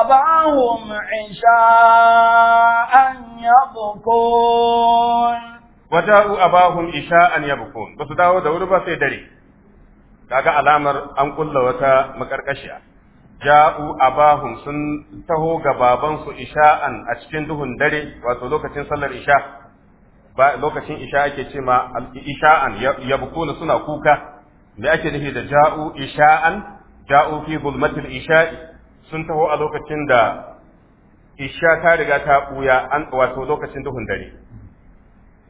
أباهم عشاء يبكون وجاءوا أباهم عشاء يبكون بس داو دور بس دري kaga alamar an kulla wata makarkashiya ja'u abahum sun taho ga babansu isha'an a cikin duhun dare wato lokacin sallar isha ba lokacin isha ake ce ma isha'an ya bukuna suna kuka me ake nufi da ja'u isha'an ja'u fi bulmatil isha'i sun taho a lokacin da isha ta riga ta buya an wato lokacin duhun dare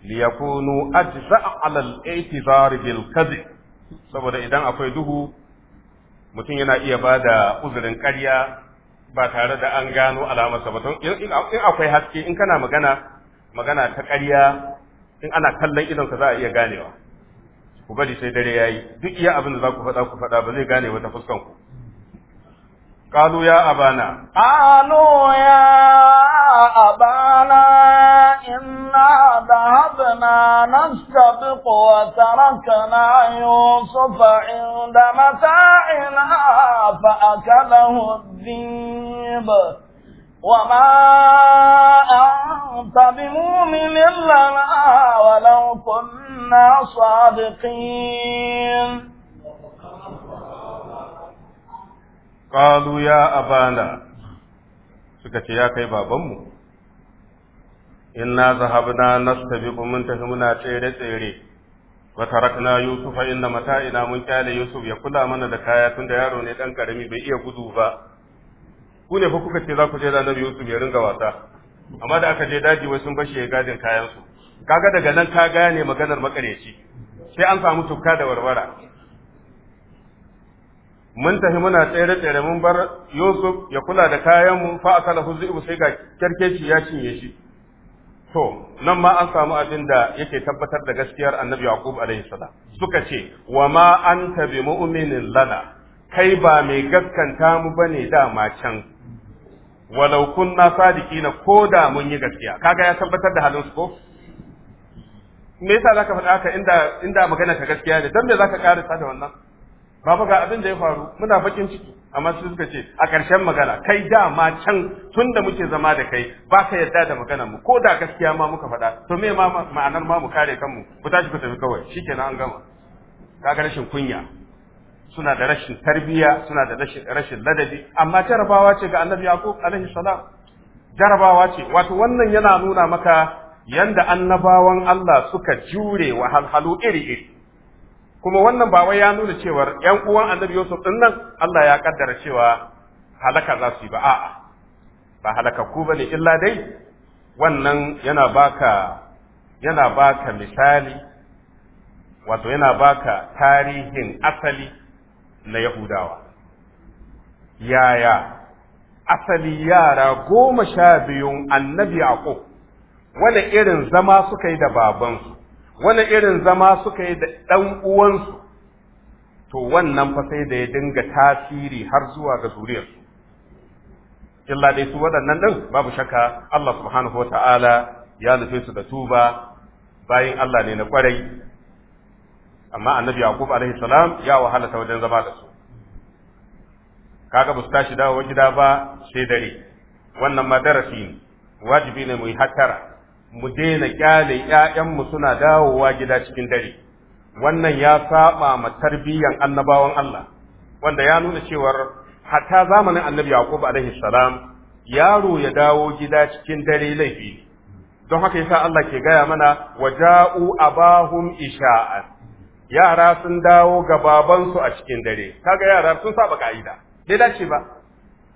yakunu ajza'a alal i'tizar bil kadhib saboda idan akwai duhu mutum yana iya ba da uzurin karya ba tare da an gano alamarsa ba in akwai haske in kana magana magana ta karya in ana kallon idonka za a iya ganewa ku bari sai dare yayi duk iya abin da za ku faɗa ku faɗa ba zai gane wata fuskan ku قالوا يا أبانا قالوا يا أبانا إنا ذهبنا نستبق وتركنا يوسف عند متاعنا فأكله الذيب وما أنت بمؤمن لنا ولو كنا صادقين qalu ya abana suka ce ya kai babanmu inna zahabna nastabiqu mun tafi muna tsere tsere wa tarakna yusufa inna mata'ina mun kyale yusuf ya kula mana da kaya tunda yaro ne dan karami bai iya gudu ba ku ne fa kuka ce za ku je da yusuf ya ringa wasa amma da aka je daji wai sun bashi ya gadin kayansu kaga daga nan ka gane maganar makareci sai an samu tukka da warwara mun tafi muna tsere tsere mun bar Yusuf ya kula da kayan mu fa lahu huzu sai ga kerkeci ya cinye shi to nan ma an samu abin da yake tabbatar da gaskiyar Annabi Yaqub alaihi salam suka ce wa ma anta bi mu'minin lana kai ba mai gaskanta mu bane da ma can walau kunna sadiqina ko da mun yi gaskiya kaga ya tabbatar da halin su ko me yasa zaka faɗa haka inda inda magana ka gaskiya ne dan me zaka karanta da wannan Baba ga abin da ya faru muna bakin ciki amma su suka ce a ƙarshen magana kai dama can tun da muke zama da kai ba ka yarda da magana mu ko da gaskiya ma muka faɗa to me ma ma'anar ma mu kare kanmu ku tashi ku tafi kawai shikenan an gama kaga rashin kunya suna da rashin tarbiyya suna da rashin ladabi amma jarabawa ce ga annabi yaqub alaihi salam jarabawa ce wato wannan yana nuna maka yanda annabawan Allah suka jure wa wahalhalu iri-iri kuma wannan ba wai ya nuna cewar ƴan uwan annabi Yusuf ɗin nan Allah ya kaddara cewa halaka za su yi ba a'a ba ba bane illa dai wannan yana baka yana baka misali wato yana baka tarihin asali na Yahudawa yaya asali yara goma sha biyun annabi Yaqub wani irin zama suka yi da babansu wani irin zama suka yi da ɗan uwansu to wannan fa sai da ya dinga tasiri har zuwa ga zuriyarsu illa dai su waɗannan ɗin babu shakka Allah subhanahu wa ta'ala ya nufe su da tuba bayan Allah ne na kwarai amma annabi yaqub alaihi salam ya wahala ta wajen zama da su kaga ba su tashi dawo gida ba sai dare wannan ma darasi ne wajibi ne mu yi hattara mu daina kyale ƴaƴanmu suna dawowa gida cikin dare wannan ya saba ma tarbiyyan annabawan Allah wanda ya nuna cewar hatta zamanin annabi Yaqub alaihi salam yaro ya dawo gida cikin dare laifi don haka yasa Allah ke gaya mana waja'u abahum isha'a yara sun dawo ga babansu a cikin dare kaga yara sun saba ka'ida dai dace ba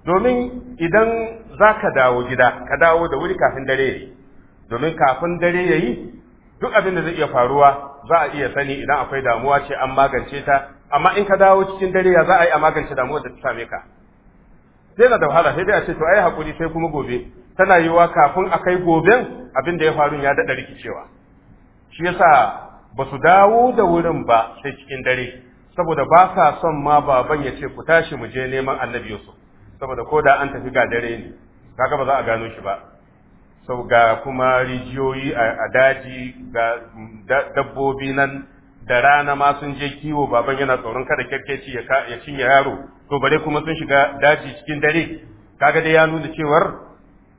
domin idan zaka dawo gida ka dawo da wuri kafin dare domin kafin dare ya yi duk abin da zai iya faruwa za a iya sani idan akwai damuwa ce an magance ta amma in ka dawo cikin dare ya za a yi a magance damuwa da ta same ka sai na da wahala sai dai a ce to ai hakuri sai kuma gobe tana yiwuwa kafin a kai goben abin da ya faru ya daɗa rikicewa shi yasa ba su dawo da wurin ba sai cikin dare saboda ba sa son ma baban ya ce ku tashi mu je neman annabi Yusuf saboda ko da an tafi ga dare ne kaga ba za a gano shi ba sau ga kuma rijiyoyi a daji ga dabbobi nan da rana ma sun je kiwo baban yana tsoron kada kyarkeci ya cinye yaro to bare kuma sun shiga daji cikin dare kaga dai ya nuna cewar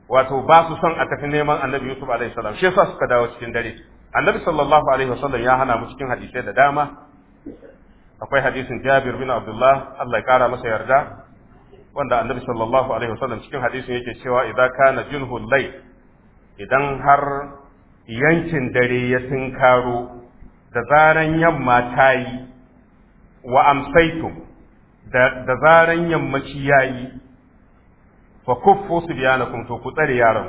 wato ba su son a tafi neman annabi yusuf alaihi salam shi yasa suka dawo cikin dare annabi sallallahu alaihi wasallam ya hana mu cikin hadisai da dama akwai hadisin jabir bin abdullah Allah ya kara masa yarda wanda annabi sallallahu alaihi wasallam cikin hadisin yake cewa idza kana junhul layl idan har yankin dare ya tunkaro da zaran yamma ta yi wa amsaitu da zaran yammaci ya yi fa kuffu su biya na kuma ku tsare yaron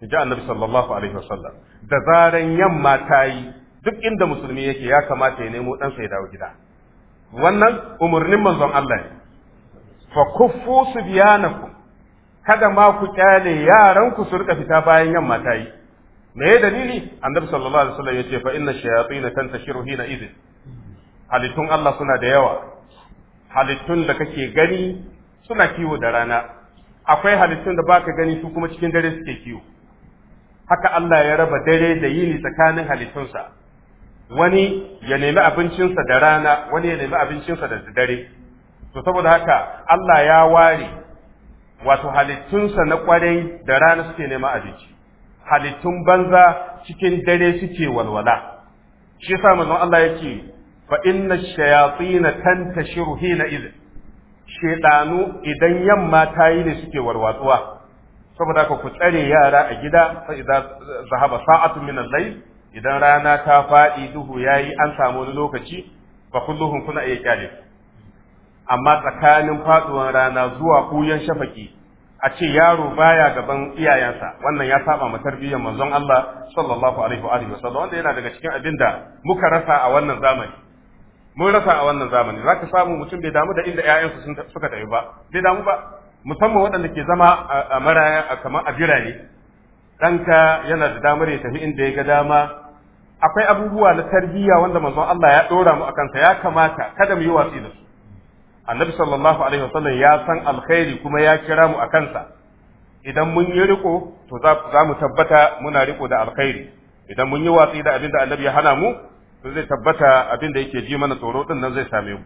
da ji annabi sallallahu alaihi wasallam da zaran yamma ta yi duk inda musulmi yake ya kamata ya nemo ɗansa ya dawo gida wannan umarnin manzon Allah ne fa kuffu su biya na biyanakum kada ma ku kyale yaran ku su rika fita bayan yamma ta yi me ya dalili annabi sallallahu alaihi wasallam yace fa inna shayatin tantashiru hina idin halittun Allah suna da yawa halittun da kake gani suna kiwo da rana akwai halittun da baka gani su kuma cikin dare suke kiwo haka Allah ya raba dare da yini tsakanin halittunsa wani ya nemi abincinsa da rana wani ya nemi abincinsa da dare to saboda haka Allah ya ware wato halittunsa na kwarai da rana suke nema abinci halittun banza cikin dare suke walwala shi yasa manzon Allah yake fa inna shayatin tantashiru hina idh shaytanu idan yamma ta yi ne suke warwatsuwa saboda haka ku tsare yara a gida fa idan zahaba sa'atu min al-layl idan rana ta faɗi duhu yayi an samu wani lokaci fa kulluhum kuna iya kyale amma tsakanin faduwan rana zuwa kuyan shafaki a ce yaro baya gaban iyayensa wannan ya saba ma tarbiyyar manzon Allah sallallahu alaihi wa alihi wasallam wanda yana daga cikin abin da muka rasa a wannan zamani mun rasa a wannan zamani zaka samu mutum bai damu da inda ƴaƴansu suka tafi ba bai damu ba musamman waɗanda ke zama a maraya kamar a birane ɗanka yana da damar ya tafi inda ya ga dama akwai abubuwa na tarbiyya wanda manzon Allah ya ɗora mu a kansa ya kamata kada mu yi watsi da su annabi sallallahu alaihi wasallam ya san alkhairi kuma ya kira mu a kansa idan mun yi riko to za mu tabbata muna riko da alkhairi idan mun yi watsi da abin da annabi ya hana mu to zai tabbata abin da yake ji mana tsoro din nan zai same mu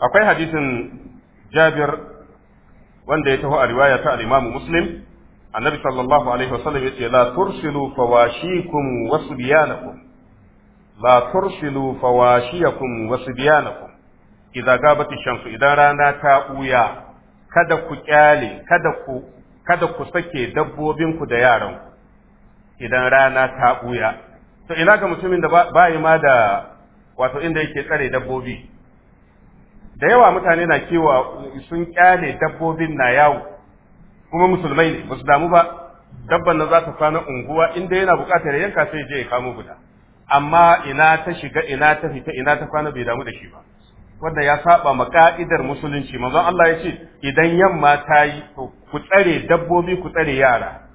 akwai hadisin Jabir wanda ya taho a riwaya ta al-Imam Muslim annabi sallallahu alaihi wasallam yace la tursilu fawashikum wasbiyanakum la tursilu fawashiyakum wa sibyanakum idza gabat ash-shamsu idan rana ta buya kada ku kyale kada ku kada ku sake dabbobin ku da yaran idan rana ta buya to ina ga mutumin da ba ma da wato inda yake tsare dabbobi da yawa mutane na kewa sun kyale dabbobin na yawo kuma musulmai ne ba su damu ba dabban na za ta kwana unguwa inda yana bukatar yanka sai je ya kamo guda amma ina ta shiga ina ta fita ina ta kwana bai damu da shi ba wanda ya saba ma ka'idar musulunci manzon Allah ya ce idan yamma ta yi ku tsare dabbobi ku tsare yara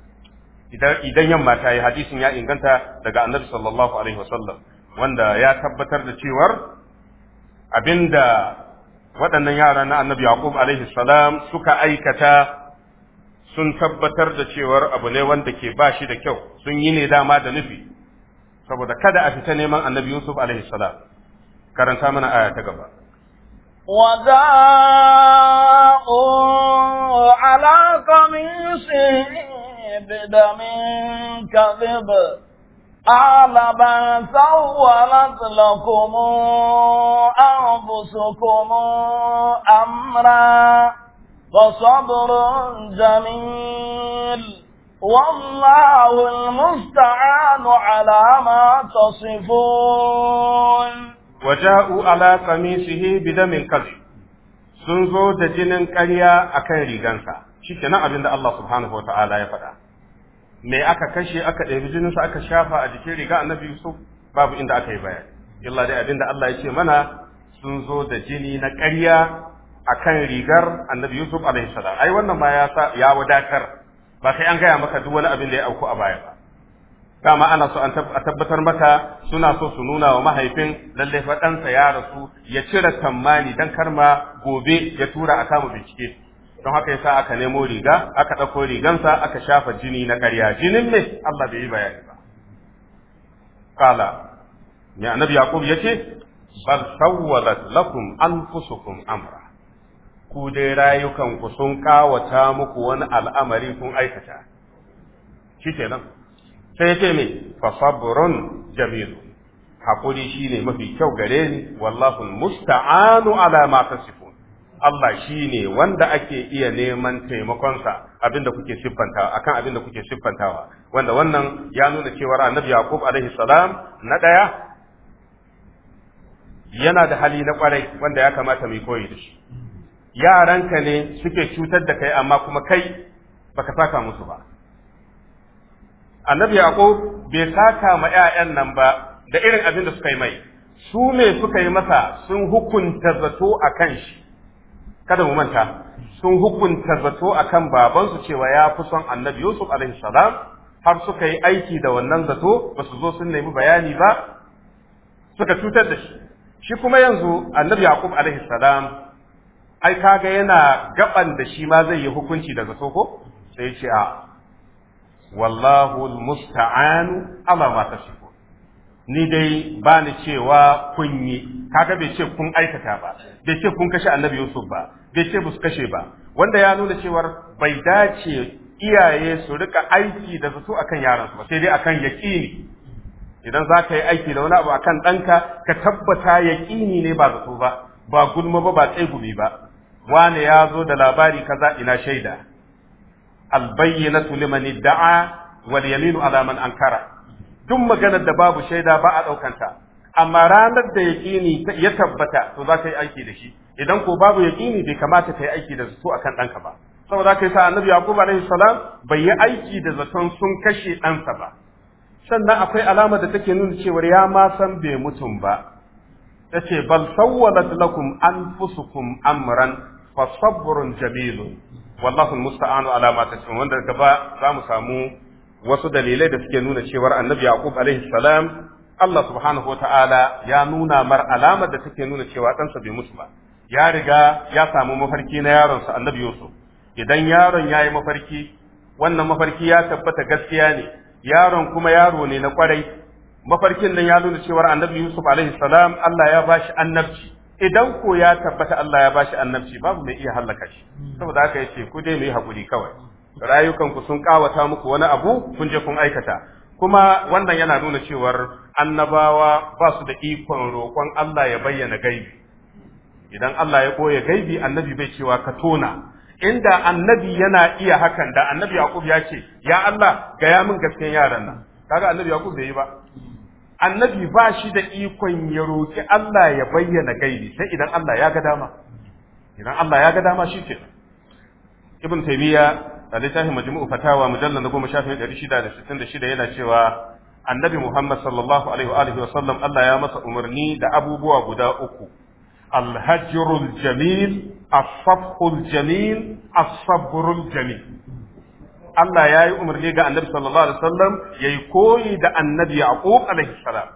idan yamma ta yi hadisin ya inganta daga annabi sallallahu alaihi wasallam wanda ya tabbatar da cewar abinda waɗannan yara na annabi yaqub alaihi salam suka aikata sun tabbatar da cewar abu ne wanda ke ba shi da kyau sun yi ne dama da nufi saboda kada a fita neman annabi Yusuf alaihi salam karanta mana aya ta gaba وجاءوا على قميصه بدم كذب قال بل سولت لكم أنفسكم أمرا فصبر جميل والله المستعان على ما تصفون وجاءوا على قميصه بدم الكذب sun zo da jinin ƙarya a kan rigansa shi kenan abin da Allah subhanahu wa ta'ala ya faɗa me aka kashe aka ɗabi jininsa aka shafa a jikin riga annabi Yusuf babu inda aka yi bayani illa dai abin da Allah ya ce mana sun zo da jini na ƙarya a kan rigar annabi Yusuf alaihi salam ai wannan ma ya wadatar ba sai an gaya maka duk wani abin da ya auku a baya ba dama ana so a tabbatar maka suna so su nuna wa mahaifin lalle fa ɗansa ya rasu ya cire tammani dan karma gobe ya tura a kama bincike don haka yasa aka nemo riga aka ɗauko rigansa aka shafa jini na ƙarya jinin me Allah bai yi bayani ba kala ya annabi yaqub yace bal sawwalat lakum anfusukum amra ku dai rayukanku sun kawata muku wani al'amari kun aikata shi nan. sai ce me fa sabrun jamilu hakuri shine mafi kyau gare ni wallahu musta'anu ala ma tasifun Allah shine wanda ake iya neman taimakonsa abinda kuke siffantawa akan abinda kuke siffantawa wanda wannan ya nuna cewa annabi yaqub alaihi salam na ɗaya, yana da hali na kwarai wanda ya kamata mu koyi da shi yaranka ne suke cutar da kai amma kuma kai baka saka musu ba annabi yaqo bai saka ma ƴaƴan nan ba da irin abin da suka yi mai su ne suka yi masa sun hukunta zato a kan shi kada mu manta sun hukunta zato a kan babansu cewa ya fi son annabi yusuf alaihi salam har suka yi aiki da wannan zato ba su zo sun nemi bayani ba suka cutar da shi shi kuma yanzu annabi yaqub alaihi salam ai kaga yana gaban da shi ma zai yi hukunci daga soko sai ya ce a wallahu almusta'anu ala ma tasifu ni dai ba ni cewa kun yi kaga bai ce kun aikata ba bai ce kun kashe annabi yusuf ba bai ce bus kashe ba wanda ya nuna cewar bai dace iyaye su rika aiki da su akan yaran su ba sai dai akan yaqini idan za ka yi aiki da wani abu akan ɗanka ka tabbata yaqini ne ba zato ba ba gulma ba ba tsegumi ba wane ya zo da labari kaza ina shaida albayyana liman idda'a wal yaminu ala man ankara duk maganar da babu shaida ba a daukanta amma ranar da yaqini ya tabbata to za ka yi aiki da shi idan ko babu yaqini bai kamata ka yi aiki da zato akan danka ba saboda kai sa annabi yaqub alaihi salam bai yi aiki da zaton sun kashe ɗansa ba sannan akwai alama da take nuna cewa ya ma san bai mutum ba ce bal sawwalat lakum anfusukum amran fa sabrun jamilun wallahu almusta'anu ala ma tasifun wanda gaba za mu samu wasu dalilai da suke nuna cewar annabi yaqub alaihi salam Allah subhanahu wataala ya nuna mar alamar da take nuna cewa ɗansa bai mutu ba ya riga ya samu mafarki na yaronsa annabi yusuf idan yaron ya yi mafarki wannan mafarki ya tabbata gaskiya ne yaron kuma yaro ne na kwarai mafarkin nan ya nuna cewar annabi Yusuf alaihi salam Allah ya bashi annabci idan ko ya tabbata Allah ya bashi annabci babu mai iya hallaka shi saboda haka ce ku dai mu yi hakuri kawai Rayukanku sun kawata muku wani abu kun je kun aikata kuma wannan yana nuna cewar annabawa ba su da ikon roƙon Allah ya bayyana gaibi idan Allah ya koya gaibi annabi bai cewa ka tona inda annabi yana iya hakan da annabi Yaqub ya ce ya Allah gaya min gaskiyan yaran nan kaga annabi Yaqub bai yi ba annabi ba shi da ikon ya roƙi Allah ya bayyana gaibi sai idan Allah ya ga dama idan Allah ya ga dama shi ke ibn taymiya a littafin majmu'u fatawa mujallal 10666 yana cewa annabi muhammad sallallahu alaihi wa alihi wa sallam Allah ya masa umarni da abubuwa guda uku al jamil as-safhul jamil as-sabrul jamil Allah ya yi umarni ga annabi sallallahu alaihi wasallam ya yi koyi da annabi yaqub alaihi salam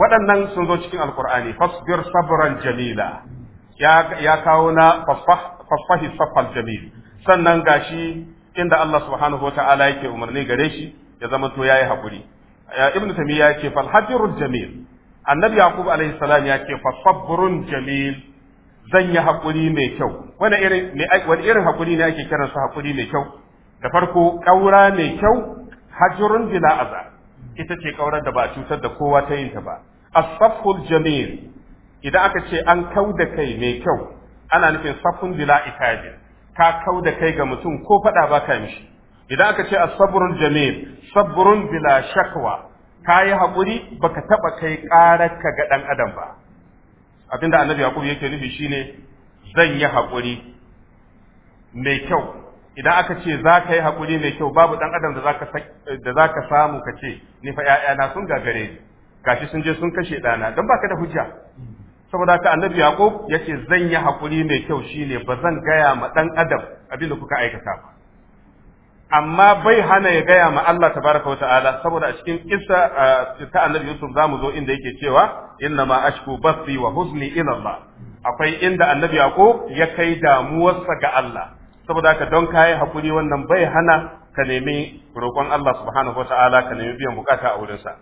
waɗannan sun zo cikin alqur'ani fasbir sabran jamila ya ya kawo na fasfahi safal jamil sannan gashi inda Allah subhanahu wataala yake umarni gare shi ya zama to yayi hakuri ibn tamiya yake fal hajrul jamil annabi yaqub alaihi salam yake fasabrun jamil zan yi haƙuri mai kyau wani irin wani haƙuri ne ake kiransa su haƙuri mai kyau da farko ƙaura mai kyau hajurun bila aza ita ce ƙaurar da ba a cutar da kowa ta yin ta ba asfaful jamil idan aka ce an kau da kai mai kyau ana nufin safun bila ikabi ka kau da kai ga mutum ko faɗa ba ka mishi idan aka ce asfabrun jamil sabrun bila shakwa ka yi haƙuri ka taɓa kai ƙararka ga ɗan adam ba abinda annabi yaƙub yake nufi shine zan yi haƙuri mai kyau idan aka ce za ka yi haƙuri mai kyau babu ɗan adam da za ka samu ka ce ni fa ‘ya'yana sun gagare ni gashi sun je sun kashe ɗana don ba ka da hujja saboda ka annabi yaƙub ya ce zan yi haƙuri mai kyau shi ne ba zan gaya ma ɗan adam abin da kuka aikata ba amma bai hana ya gaya ma Allah baraka wa ta'ala saboda a cikin kisa ah, ta annabi Yusuf mu zo inda yake cewa inna ma ashku basri wa husni ila Allah akwai inda annabi Yaqub ya kai damuwarsa ga Allah saboda haka don kayi hakuri wannan bai hana ka nemi roƙon Allah subhanahu wata'ala ka nemi biyan bukata a wurinsa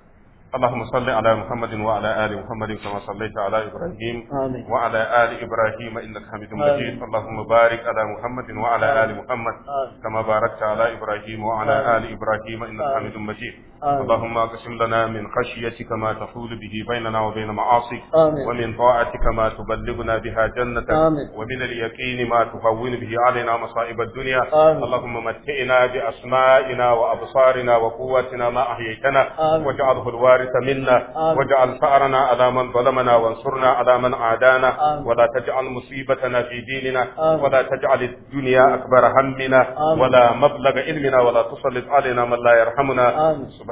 اللهم صل على محمد وعلى ال محمد كما صليت على ابراهيم آمين. وعلى ال ابراهيم انك حميد مجيد آمين. اللهم بارك على محمد وعلى ال محمد آمين. كما باركت على ابراهيم وعلى ال ابراهيم انك حميد مجيد اللهم اقسم لنا من خشيتك ما تحول به بيننا وبين معاصيك ومن طاعتك ما تبلغنا بها جنتك ومن اليقين ما تهون به علينا مصائب الدنيا آمين. اللهم متئنا باسمائنا وابصارنا وقواتنا ما احييتنا واجعله الوارث منا واجعل ثارنا على من ظلمنا وانصرنا على من عادانا ولا تجعل مصيبتنا في ديننا ولا تجعل الدنيا اكبر همنا ولا مبلغ علمنا ولا تسلط علينا من لا يرحمنا آمين.